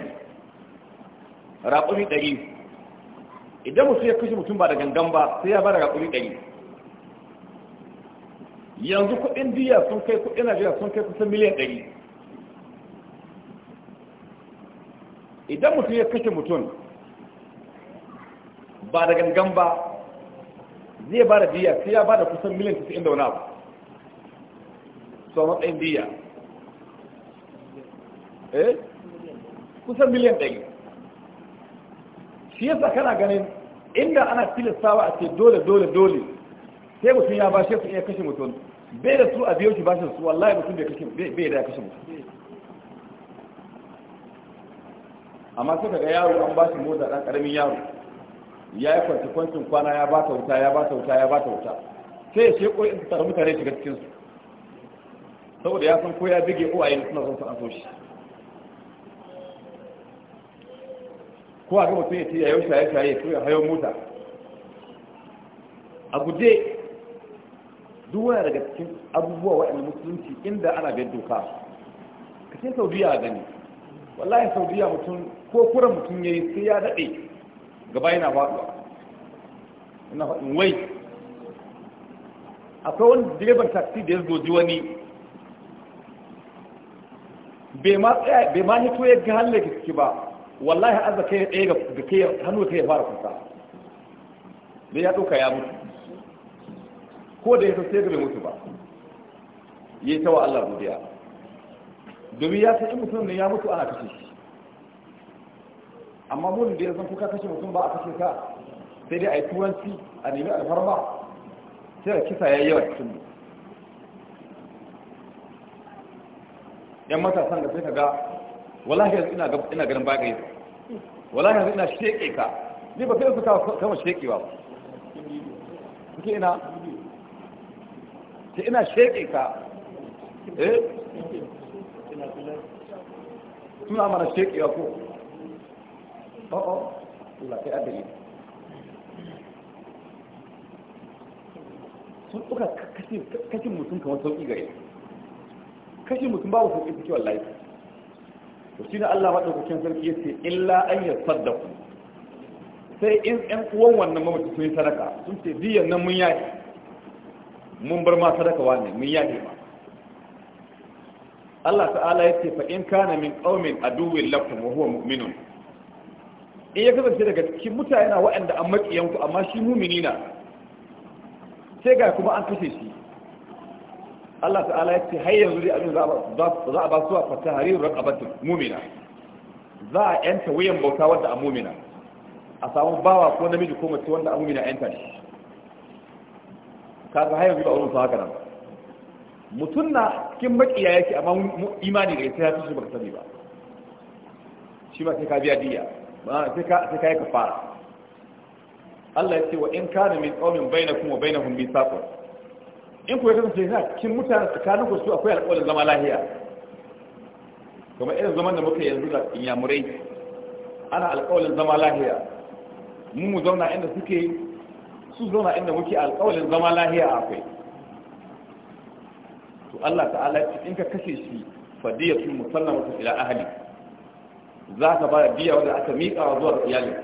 raƙumi ɗari idan mutum ya kashe mutum ba da gangan ba sai ya bada raƙuri ɗari yanzu kuɗin diya sun kai kuɗin najeriya sun kai kusan miliyan ɗari idan mutum ya kashe mutum ba da gangan ba zai ba da diya sai ya bada kusan miliyan 90 inda wani abu sau matsayin diya eh kusan miliyan ɗari shi yasa kana ganin inda ana tilastawa a ce dole dole dole sai mutum ya bashe su iya kashe mutum bai da su a biyo shi bashin su wallahi mutum bai da kashe mutum amma sai kaga yaro an bashi motsa dan karamin yaro ya yi kwanci kwana ya ba ta wuta ya ba ta wuta ya ba ta wuta sai ya ce ko in tsara mutane shiga cikin su saboda ya san ko ya bige uwaye suna son su an so shi ko a ga mutum ya ce ya yau shaye-shaye ko ya hayo mota a guje duk wani daga cikin abubuwa waɗanda musulunci inda ana biyar doka ka ce saudiya a gani wallahi saudiya mutum ko kura mutum ya yi sai ya daɗe gaba yana faɗuwa ina faɗin wai akwai wani direban taxi da ya zoji wani bai ma hito ya ga hannun ciki ba wallahi azza kai ɗaya ga kai hannu kai ya fara kusa da ya ɗauka ya mutu ko da ya sai ga bai mutu ba Ya yi tawa Allah godiya domin ya san in mutum ne ya mutu ana kashe shi amma mun da ya zan kuka kashe mutum ba a kashe ka sai dai a yi turanci a nemi alfarma sai da kisa ya yi yawa cikin mu yan matasan da sai ka ga wallahi yanzu ina ina ganin baka yi wallahi yanzu ina sheke ka ni ba kai su kama shekewa ba kike ina ki ina sheke ka eh tuna mana shekewa ko oh oh Allah kai adali sun kashin mutum kamar sauƙi gare kashin mutum babu sauƙi suke wallahi to shi ne Allah maɗaukakin sarki ya ce illa an ya saddaku sai in ɗan uwan wannan mamaci sun yi sadaka sun ce biyan nan mun yaki. mun bar ma sadaka wane mun yaki ba Allah ta'ala ya ce fa in kana min ƙaumin aduwin lakum wa huwa mu'minun in ya kasance daga cikin mutane na waɗanda an maƙiyanku amma shi mumini na sai ga kuma an kashe shi Allah ta'ala ya ce har yanzu dai abin za a ba su a fata a rakabatin mumina za a yanta wuyan bauta wanda a mumina a samu bawa ko namiji ko mace wanda a mumina yanta ne kaga har yanzu ba wurin su haka nan mutum na cikin makiya yake amma imani da ita ya fi shi ba sani ba shi ma sai ka biya diya sai ka yi fara Allah ya ce wa in kana min qaumin bainakum wa bainahum misaqun in ku ya kasance ha cikin mutanen tsakanin ku su akwai alƙawarin zama lahiya kuma irin zaman da muka yanzu da inyamurai ana alƙawarin zama lahiya mu mu zauna inda suke su zauna inda muke alƙawarin zama lahiya akwai to Allah ta'ala in ka kashe shi fadiyatul musallamatu ila ahli za ka ba da biya wanda aka miƙa zuwa ga iyalin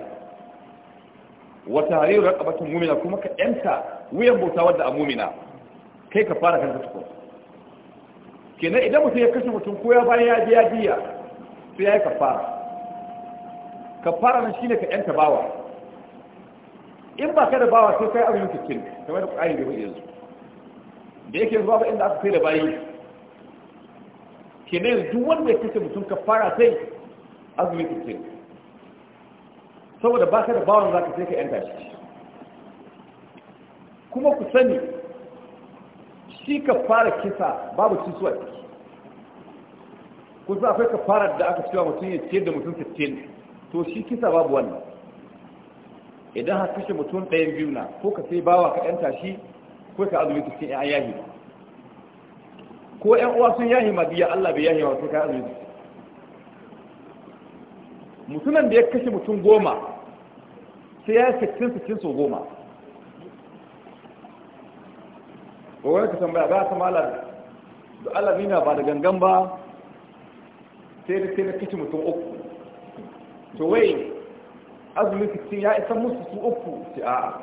wa tahriru raqabatin mu'mina kuma ka yanta wuyan bauta wadda a mu'mina kai ka fara kanka tukun kenan idan mutum ya kashe mutum ko ya bayan ya biya biya sai ya yi kafara kafara nan shine ka yanta bawa in ba ka da bawa sai kai abin kikin kamar da ƙari da yanzu da yake zuwa ba inda aka kai da bayi kenan duk wanda ya kashe mutum kafara sai azumi kikin saboda ba ka da bawan za ka sai ka yanta shi kuma ku sani shi ka fara kisa babu suwa ciki kusa akwai ka fara da aka cewa mutum ya ce da mutum ne to shi kisa babu wannan idan haka kashe mutum ɗayan biyu na ko ka sai bawa ka ɗanta shi ko ka azumi cikin ƴan yahi ko ƴan uwa sun yahi ma biya Allah bai yahi ma sai ka azumi cikin mutumin da ya kashe mutum goma sai ya yi sittin sittin sau goma ba wani ka tambaya ba sama malar da Allah nina ba da gangan ba sai da sai da kici mutum uku to wai azumin fitin ya isa musu su uku ce a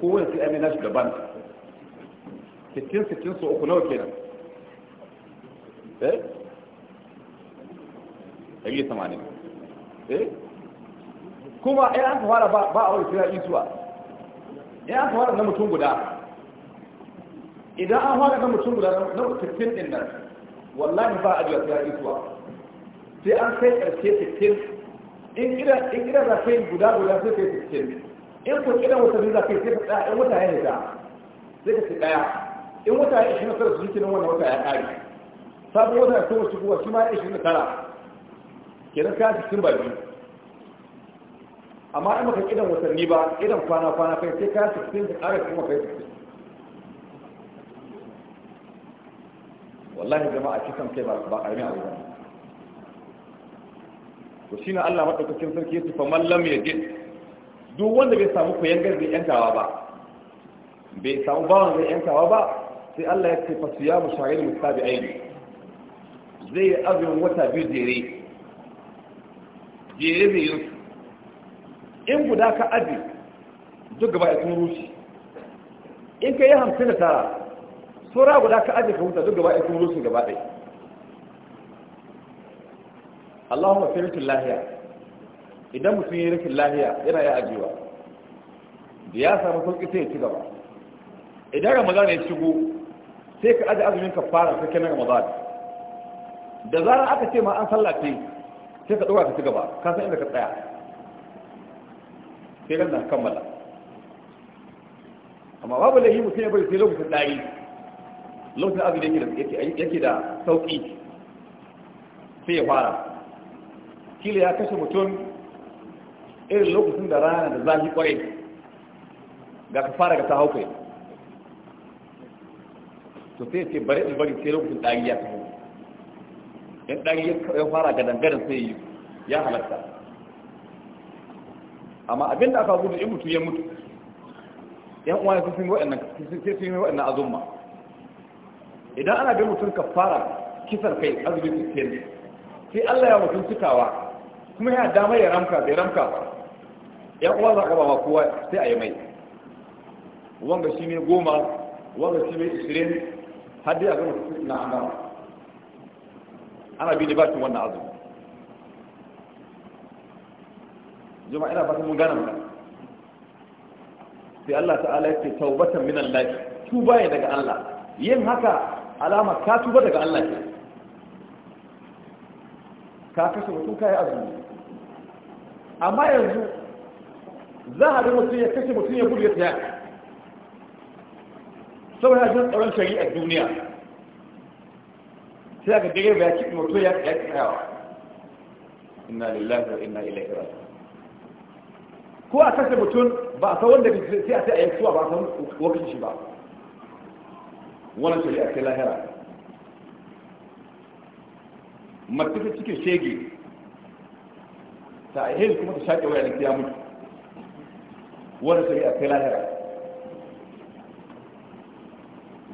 kowane sai amina shi daban fitin fitin su uku nawa kenan eh ɗari tamanin eh kuma ya an fara ba a wani kira isuwa ya aka fara na mutum guda idan an fara na mutum guda na tattun ɗin nan wallahi ba a jiya ta yi zuwa sai an kai ƙarshe tattun in ƙiran za ka yi guda guda sai ka yi tattun in kun ƙiran watanni za ka yi sai ka ɗaya in wata ya hita sai ka ci ɗaya in wata ya ishirin tara su jikin wannan wata ya ƙari sabon wata ya so wasu kuwa shi ma ya ishirin tara kenan ka yi ba amma in baka kidan watanni ba idan kwana kwana kai sai ka sittin da ƙara kuma kai sittin wallahi jama'a kisan kai ba ba ƙarami abu ba to shine Allah madaukakin sarki ya tufa man ya je duk wanda bai samu koyan garzai yantawa ba bai samu bawan zai yantawa ba sai Allah ya ce fa su ya mushaghil mustabi'ain zai azumin wata biyu jere jere bai yi in guda ka aji duk gaba ya sun rushe in ka yi hamsin da tara sora guda ka aji ka huta duk gaba ya sun rushe gaba ɗai allahu fi rikin lahiya idan mutum yi rikin lahiya yana ya ajiwa. da ya samu sauƙi sai ya ci gaba idan ramadan ya shigo sai ka aji azumin ka fara sai kenan ramadan da zarar aka ce ma an sallace sai ka ɗora ka ci gaba ka san inda ka tsaya sai ran na kammala amma babu laifi mutum ya bari sai lokacin dari lokacin azumi yake yake da sauki sai ya fara kila ya kashe mutum irin lokacin da rana da zafi kwarai ga ka fara ga ta hau kai to sai ce bari in bari sai lokacin dari ya kawo in dari ya fara ga dangaren sai ya halatta amma abin da aka gudu in mutu ya mutu yan uwa sun sun waɗannan sai sun yi waɗannan azumma idan ana bin mutum kafara kisar kai azumin sittin sai Allah ya mutum cikawa kuma ya damar ya ramka bai ramka yan uwa za ka ba kowa sai a yi mai wanda shi ne goma wanda shi ne ishirin har dai a gama na an gama ana bin ne ba shi wannan azumi juma'a ina fata mun gane magana sai Allah ta'ala yake taubatan min Allah tuba ne daga Allah yin haka alama ka tuba daga Allah ke ka kashe mutum kai yi azumi amma yanzu za a mutum ya kashe mutum ya gudu ya tsaya saboda ji tsaron shari'a duniya sai aka direba ya kiɗi mutum ya tsaya inna lillahi wa inna ilaihi raji'un ko a kashe mutum ba a san wanda sai a sai a yankuwa ba a san wakil shi ba wannan shari'a ce lahira mace ta cikin shege ta hil kuma ta shaƙe waya da ya mutu wannan shari'a ce lahira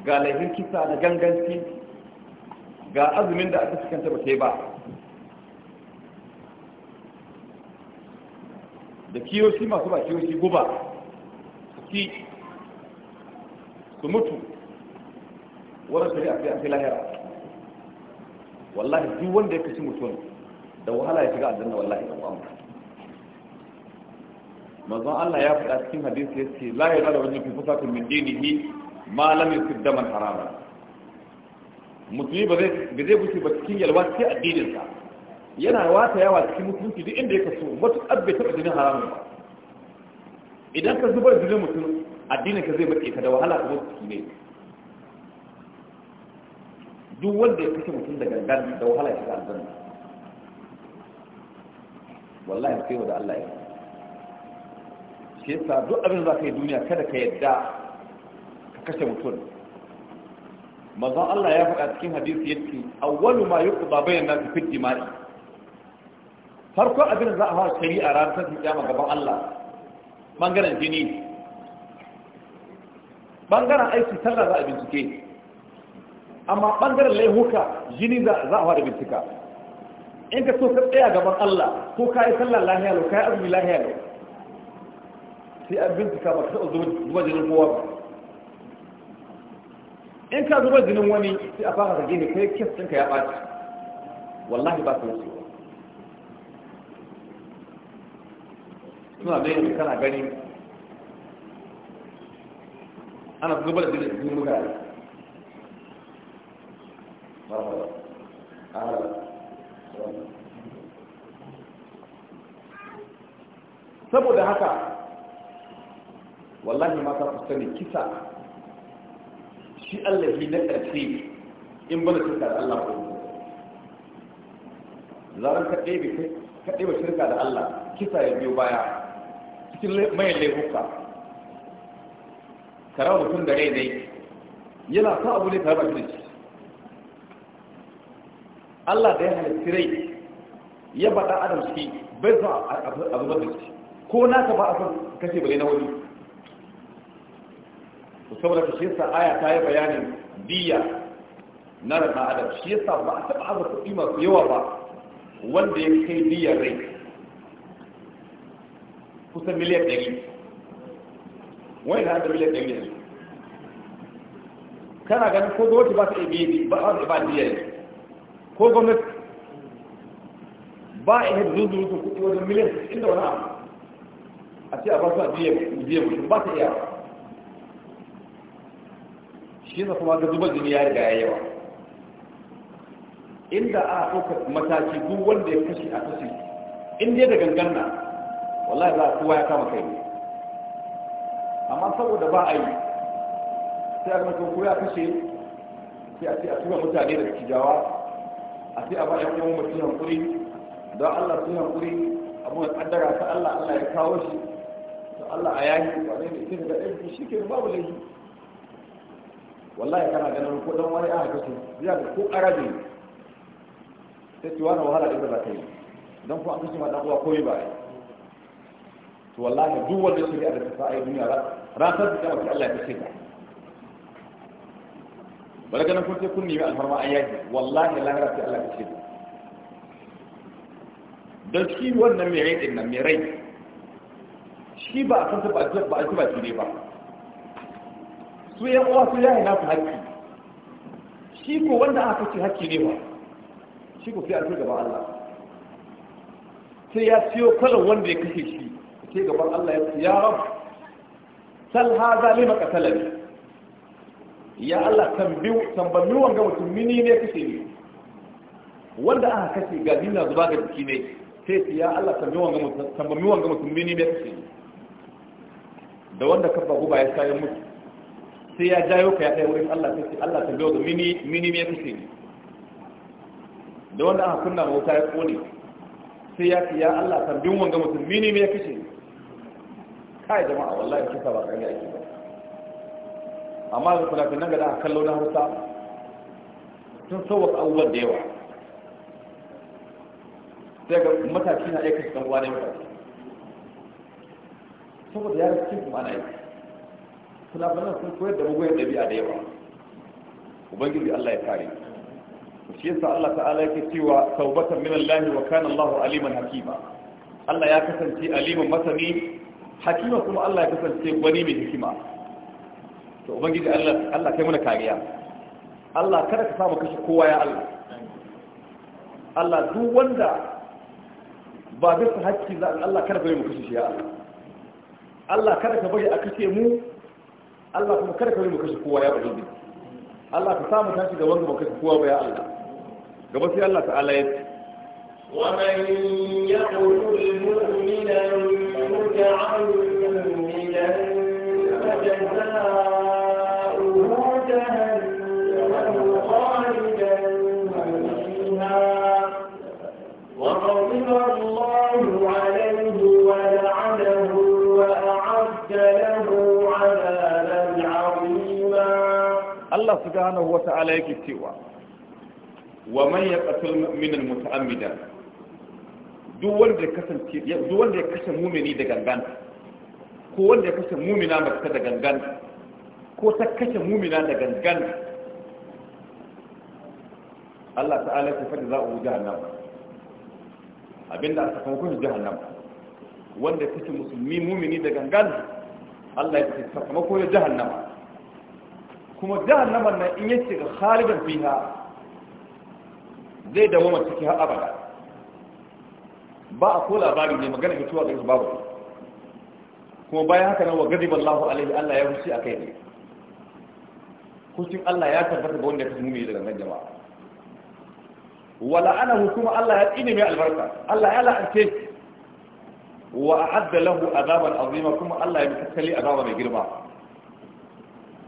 ga laifin kisa da ganganci ga azumin da aka cikanta ba ta ba kiyoshi masu ba kiyoshi guba su ki su mutu wannan shari'a sai a sai lahira wallahi duk wanda ya kashi mutum da wahala ya shiga aljanna wallahi ba mu manzon Allah ya faɗa cikin hadisi ya ce la da wajen fi fasatun min dinihi ma lam yusib daman harama musulmi ba zai ba gushi ba cikin yalwa sai addinin sa yana wata yawa cikin mutunci duk inda ya kaso matuƙar bai taɓa jinin haramun ba idan ka zubar jinin mutum addinin ka zai matse ka da wahala ka mutu ne duk wanda ya kashe mutum da gangan da wahala ya shiga aljanna wallahi sai wa da Allah ya shi yasa duk abin za kai yi duniya kada ka yadda ka kashe mutum manzon Allah ya faɗa cikin hadisi yake awwalu ma yuqda bayna fi dima'i farkon abin da za a fara shari'a ran san kiyama gaban Allah bangaren jini bangaren aiki sallah za a bincike amma bangaren laihuka jini za a fara bincika in ka so ka tsaya gaban Allah ko ka yi sallah lahiya lau ka yi azumi lahiya lau sai an bincika ba ka taɓa zuba jinin kowa ba in ka zuba jinin wani sai a fara da gini kai kes ɗinka ya ɓaci wallahi ba ka wucewa suna da yin kana gani ana zubar da jirgin mugari saboda haka wallahi mata ku sani kisa shi Allah na ƙarfi in bada shirka da Allah ko zaran ka ɗebe shirka da Allah kisa ya biyo baya cikin mai laifuka kara mutum da rai ne yana sa abu ne tare da shi Allah da ya halitta rai ya baɗa adam shi bai zo a zubar da shi ko naka ba a san kashe bare na wani saboda ka shi yasa aya ta yi bayanin biya na rana adam shi yasa ba a taɓa aza kuɗi masu yawa ba wanda ya kai biyan rai kusan miliyan ɗari wani na da miliyan ɗari yanzu kana ganin ko gwamnati ba ta iya ba ta ba biya ne ko gwamnati ba a iya zuzurutun kuɗi wajen miliyan 60 da wani abu a ce a ba su a biya mutum ba ta iya ba shi yasa kuma ga zubar jini ya riga ya yawa inda a ɗaukar mataki duk wanda ya kashe a kashe in dai da gangan wallahi za kowa ya kama kai amma saboda ba a yi sai a mutum ko ya kashe sai a ce a tura mutane daga kijawa a ce a bayan yan mutum hankuri don allah sun hankuri abu da kaddara ta allah allah ya kawo shi to allah a yayi ba zai ne sai da ɗaya shi ke babu laifi wallahi kana ganin ko dan wani aka kashe zai ga ko arabi sai ciwa na wahala ɗin da za ta yi don ko an kashe ma ɗan uwa koyi ba yi to wallahi duk wanda shari'a da ta sa a yi duniya ranar da kama Allah ya ce ta bari ganin kun sai kun nemi alfarma an yaji wallahi lahira sai Allah ya ce don shi wannan mai rai din nan mai rai shi ba a san ta ba a ci ba shi ne ba su yan uwa su yayi nasu haƙƙi shi ko wanda aka ce haƙƙi ne ba shi ko sai a ci gaba Allah sai ya siyo kwallon wanda ya kashe shi ke gaban Allah ya ce ya rab sal hada lima qatalani ya Allah tambayi wanga mutum mini ne kace ni wanda aka kace ga dinna zuba ga jiki ne sai ce ya Allah tambayi wanga mutum tambayi wanga mutum mini ne kace ni da wanda ka babu ba ya sayan mutu sai ya jayo ka ya kai wurin Allah sai ce Allah tambayi wanga mini mini ne kace ni da wanda aka kunna mota ya kone sai ya ce ya Allah tambayi wanga mutum mini ne kace ni kai jama'a wallahi kisa ba kare ake ba amma da kula nan ga da kallo na Hausa sun sauwa abubuwan da yawa sai ga mataki na iya kashe dan uwa ne matashi saboda ya cikin kuma na yi fina-finan sun koyar da mugun ɗabi'a da yawa ubangiji Allah ya kare shi yasa Allah ta'ala yake cewa taubatan min Allah wa kana Allah aliman hakima Allah ya kasance aliman masani hakima kuma Allah ya kasance wani mai hikima to ubangiji Allah Allah kai mana kariya Allah kada ka samu kashe kowa ya Allah Allah duk wanda ba bisa hakki za Allah kada ka yi mu kashe shi ya Allah Allah kada ka bari a kashe mu Allah kuma kada ka bari mu kashe kowa ya ubangiji Allah ka samu tashi ga wanda ba kashe kowa ba ya Allah gaba sai Allah ta'ala ya ومن يقتل مؤمنا متعمدا فجزاؤه جهنم خالدا فيها وغضب الله عليه ولعنه وأعد له عذابا عظيما الله سبحانه وتعالى يكتوى ومن يقتل مؤمنا متعمدا duk wanda ya kasance kashe mumini da gangan ko wanda ya kashe mumina mace da gangan ko ta kashe mumina da gangan Allah ta'ala ya fadi za a wuce jahannam abinda a kan kuma jahannam wanda ya kashe musulmi mumini da gangan Allah ya fadi sakamako ya jahannam kuma jahannaman nan in ya shiga khalidan fiha zai dawo mace har abada ba a ko labari ne magana fitowa da su babu kuma bayan haka nan wa gadiba Allahu alaihi Allah ya a kai ne kucin Allah ya tabbata ga wanda ya kasance mai daga nan jama'a wala ana kuma Allah ya tsini mai albarka Allah ya la'ance shi wa a'adda lahu azaban azima kuma Allah ya tattali azaba mai girma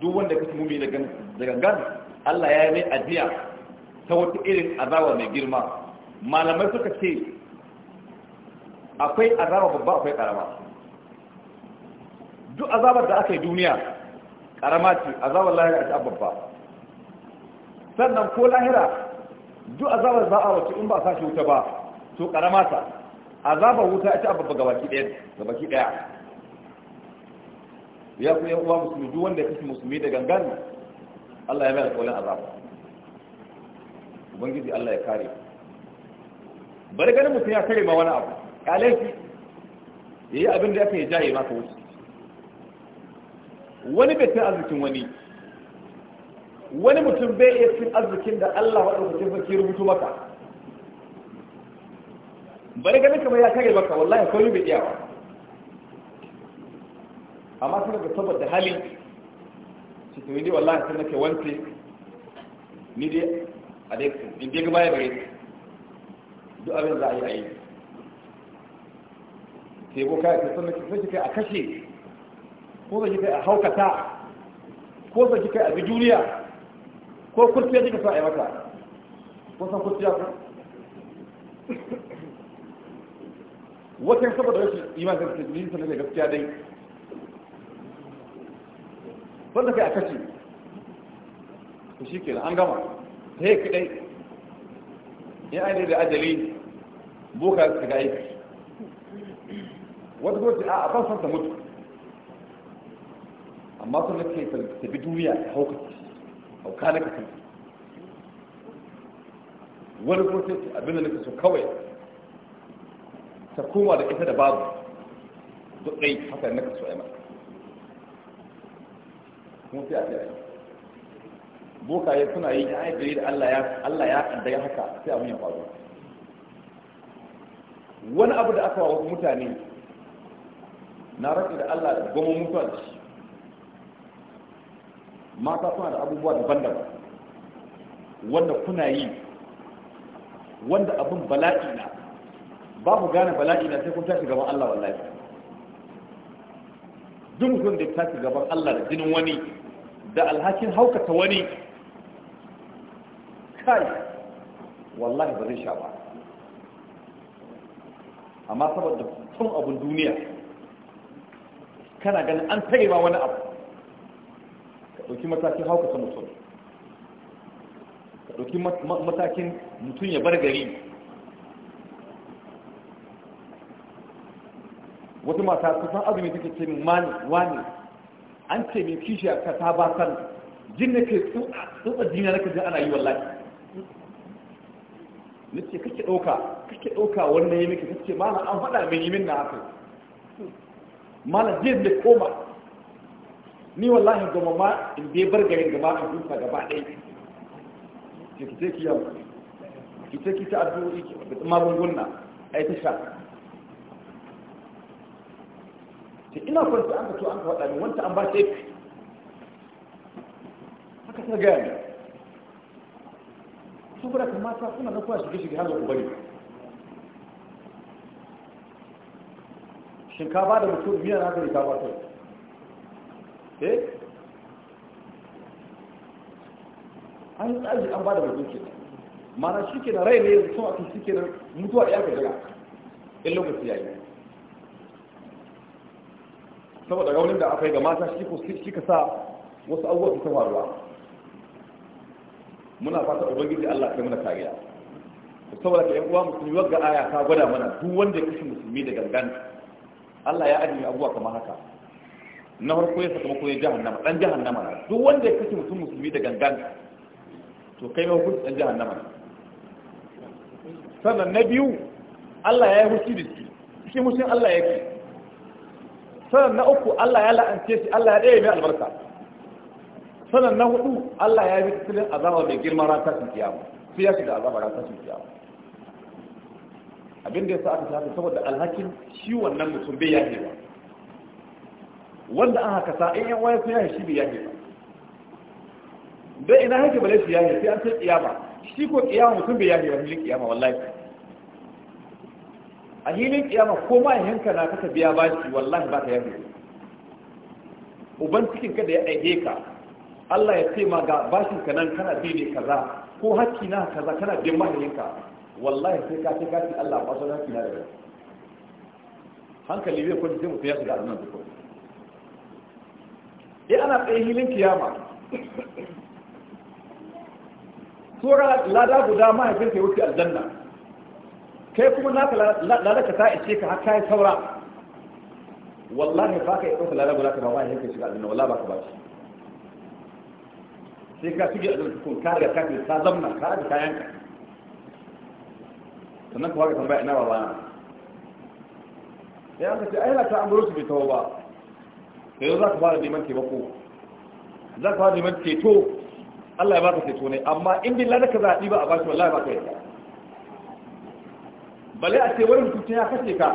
duk wanda kasance mai daga daga gan Allah ya yi mai ajiya ta wata irin azaba mai girma malamai suka ce akwai azaba babba akwai karama duk azabar da aka yi duniya karama ce azabar lahira ita babba sannan ko lahira duk azabar za a wace in ba sa shi wuta ba to karama ta azabar wuta ita babba gabaki ɗaya baki ɗaya ya ku yan uwa musulmi duk wanda ya kashe musulmi da gangan Allah ya mai alƙawarin azaba ubangiji Allah ya kare bari ganin mutum ya kare ma wani abu ya yi abin da aka yi jaye maka wuce wani bai cin arzikin wani wani mutum bai iya cin arzikin da Allah wa ɗaukacin sarki rubutu maka bari ganin kamar ya kare maka wallahi kawai bai iya ba amma suna ga saboda hali su to ni wallahi sun nake wance ni dai a dai in dai gaba ya bare duk abin za a yi a yi tebo kai sai sun sai kai a kashe ko sai kai a haukata ko sai kai a bijuriya ko kurciya kika so a yi mata ko san kurciya ko wata saboda rashin iman da ni sanin da gaskiya dai wanda kai a kashe to ke an gama sai kidai ya aide da ajali boka ka ga aiki wata zo a a ban ta mutu amma sun nake tafi bi duniya ta haukaci hauka na kasan wani kuma sai ce abin nake so kawai ta koma da ita da babu duk ɗai haka na kaso ya mata kuma sai a ce boka bokaye suna yi ya haifari da Allah ya ya haka sai abin ya faru wani abu da aka wa wasu mutane na rafi da Allah da goma mutuwa da shi mata suna da abubuwa daban-daban wanda kuna yi wanda abin bala'i na babu gane bala'i na sai kun tashi gaban Allah wallahi duk mutum da tashi gaban Allah da jinin wani da alhakin haukata wani kai wallahi ba zai sha ba amma saboda tun abin duniya kana ganin an tare ba wani abu ka ɗauki matakin hauka ta mutum ka ɗauki matakin mutum ya bar gari wata mata kusan azumi take ce min wani an ce min kishi a ta ba san jin na ke tsotsa jini na kajin ana yi wallahi na ce kake ɗauka kake ɗauka wannan ya miki kake mana an faɗa mai yi min na haka malam jiya da koma ni wallahi gama ma in bai bar garin gaba a duka gaba ɗaya ke ki ki yau ki ce ki ta addu'o'i ki magunguna a ta sha ki ina kwanci an kato an ka faɗa min wanta an ba ce haka ta gaya ne saboda kamata suna na kwa shige shige har da ubari shinkafa da mutum biyan haka da gabatar eh an yi tsari an ba da mutum ke mana shi ke na rai ne ya zuwa kan shi ke na mutuwa ya ka jira in lokaci ya yi saboda raunin da aka yi ga mata shi ka sa wasu abubuwa su ta faruwa muna fata ubangiji Allah kai muna kariya saboda ka yan uwa musulmi wagga aya ta gwada mana duk wanda ya kashe musulmi da gangan Allah ya ajiye abuwa kamar haka na farko ya sakamako ya jahannama dan jahannama na duk wanda ya kashe mutum musulmi da gangan to kai ma hukunci dan jahannama ne sannan na biyu Allah ya yi hukunci da shi cikin hukuncin Allah ya ke sannan na uku Allah ya la'ance shi Allah ya ɗaya mai albarka sannan na hudu Allah ya yi tilin azaba mai girma ran tashin kiyama sai ya shiga azaba ran tashin kiyama abin da ya sa aka tafi saboda alhakin shi wannan mutum bai yahe ba wanda aka kasa in yan waya sun yahe shi bai yahe ba dai ina hake bale su yahe sai an sai kiyama shi ko kiyama mutum bai yahe ba hilin kiyama wallahi a hilin kiyama ko ma yanka na kaka biya ba shi, wallahi ba ta yahe uban cikin ka da ya aike ka Allah ya ce ma ga bashin ka nan kana bi ne kaza ko hakki na kaza kana bin mahaifinka wallahi sai ka ce kafi Allah ba su rafi na da rai hankali bai kwanci sai mutum ya shiga annan duk eh ana tsaye hilin kiyama sura lada guda mahaifin ta wuce aljanna kai kuma naka lada ka ta ice ka haka ya saura wallahi ba ka yi ɗauka lada guda ka ba mahaifin ka shiga aljanna wallahi ba ka ba shi sai ka shige aljanna kun ka riga ka ta zamna ka riga ka yanka sannan kuma ka tambaya ina babana sai aka ce ai ta amuru su bai tawo ba yanzu za ka fara neman taimako za ka fara neman ceto Allah ya baka ceto ne amma in billah da ka zaɓi ba a bashi wallahi ba ka yi bale a ce wani mutum ya kashe ka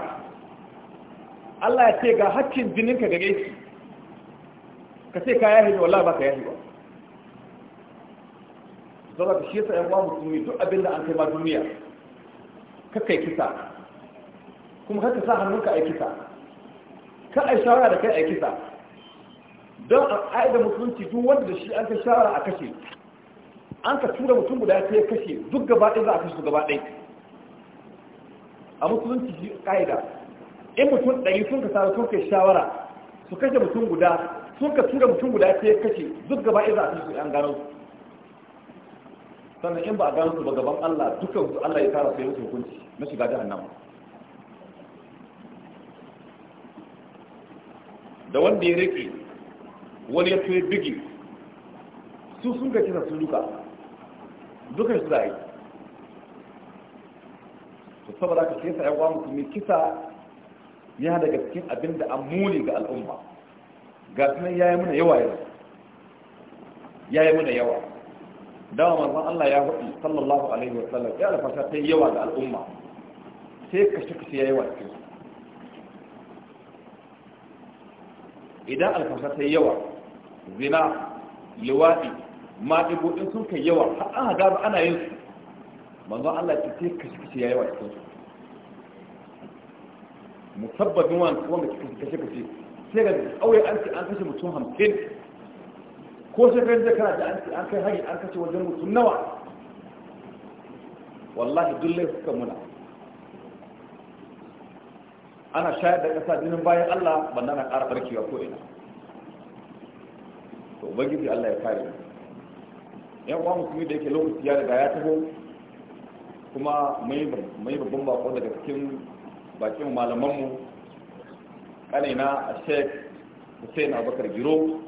Allah ya ce ga hakkin jinin ka gare shi ka ce ka yahi ne wallahi ba ka yahi ba ka shi yasa yan uwa musulmi duk abin da an kai ma duniya kakai kisa kuma kakai sa hannunka a kisa ka a shawara da kai a kisa don a ƙa'ida musulunci duk wanda da shi an ka shawara a kashe an ka tura mutum guda ta ya kashe duk gaba ɗaya za a kashe su gaba ɗaya a musulunci shi ƙa'ida in mutum ɗari sun ka sa sun kai shawara su kashe mutum guda sun ka tura mutum guda ta ya kashe duk gaba ɗaya za a kashe su ɗan gano su sannan in ba a gano su ba gaban Allah dukkan su Allah ya kara sai musu hukunci na shiga jahannama da wanda ya rike wani ya fi bigi su sun ga kisa su duka dukan su zai yi to saboda ka kisa ya kwamu su mai kisa ya daga cikin abin da an muni ga al'umma ga sunan yayi muna yawa yanzu yayi muna yawa dawa manzon Allah ya faɗi sallallahu alaihi wa sallam ya alfasa ta yawa da al'umma sai kashe kashe ya yawa cikin idan alfasa ta yawa zina liwaɗi maɗigo in sun kai yawa har an haga ba ana yin su manzon Allah ya ce kashe kashe ya yawa cikin su musabbabin wanda kashe kashe sai ga ƙauye an ce an kashe mutum hamsin ko sai shekarar da kana da an kai hari an kace wajen mutum nawa wallahi duk laifukan muna ana shayar da kasa jinin bayan Allah banda na ƙara barkewa ko ina to ubangiji Allah ya kare mu yan uwa musulmi da yake lokaci ya riga ya taho kuma mai babban bako daga cikin bakin malaman malamanmu kanina a sheik hussein abubakar giro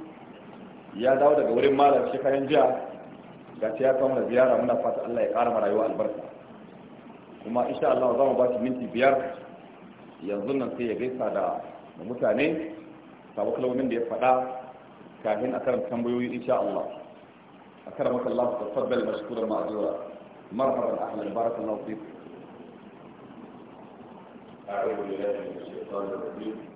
ya dawo daga wurin malam shi kayan jiya ga ta ya kama da ziyara muna fata Allah ya ƙara ma rayuwa albarka kuma insha Allah za mu ba shi minti biyar yanzu nan sai ya gaisa da mutane sabu kalmomin da ya faɗa kafin a karanta tambayoyi insha Allah a maka Allah ta faddal mashkuran ma'azura marhaban ahlan barakallahu fiik أعوذ بالله من الشيطان الرجيم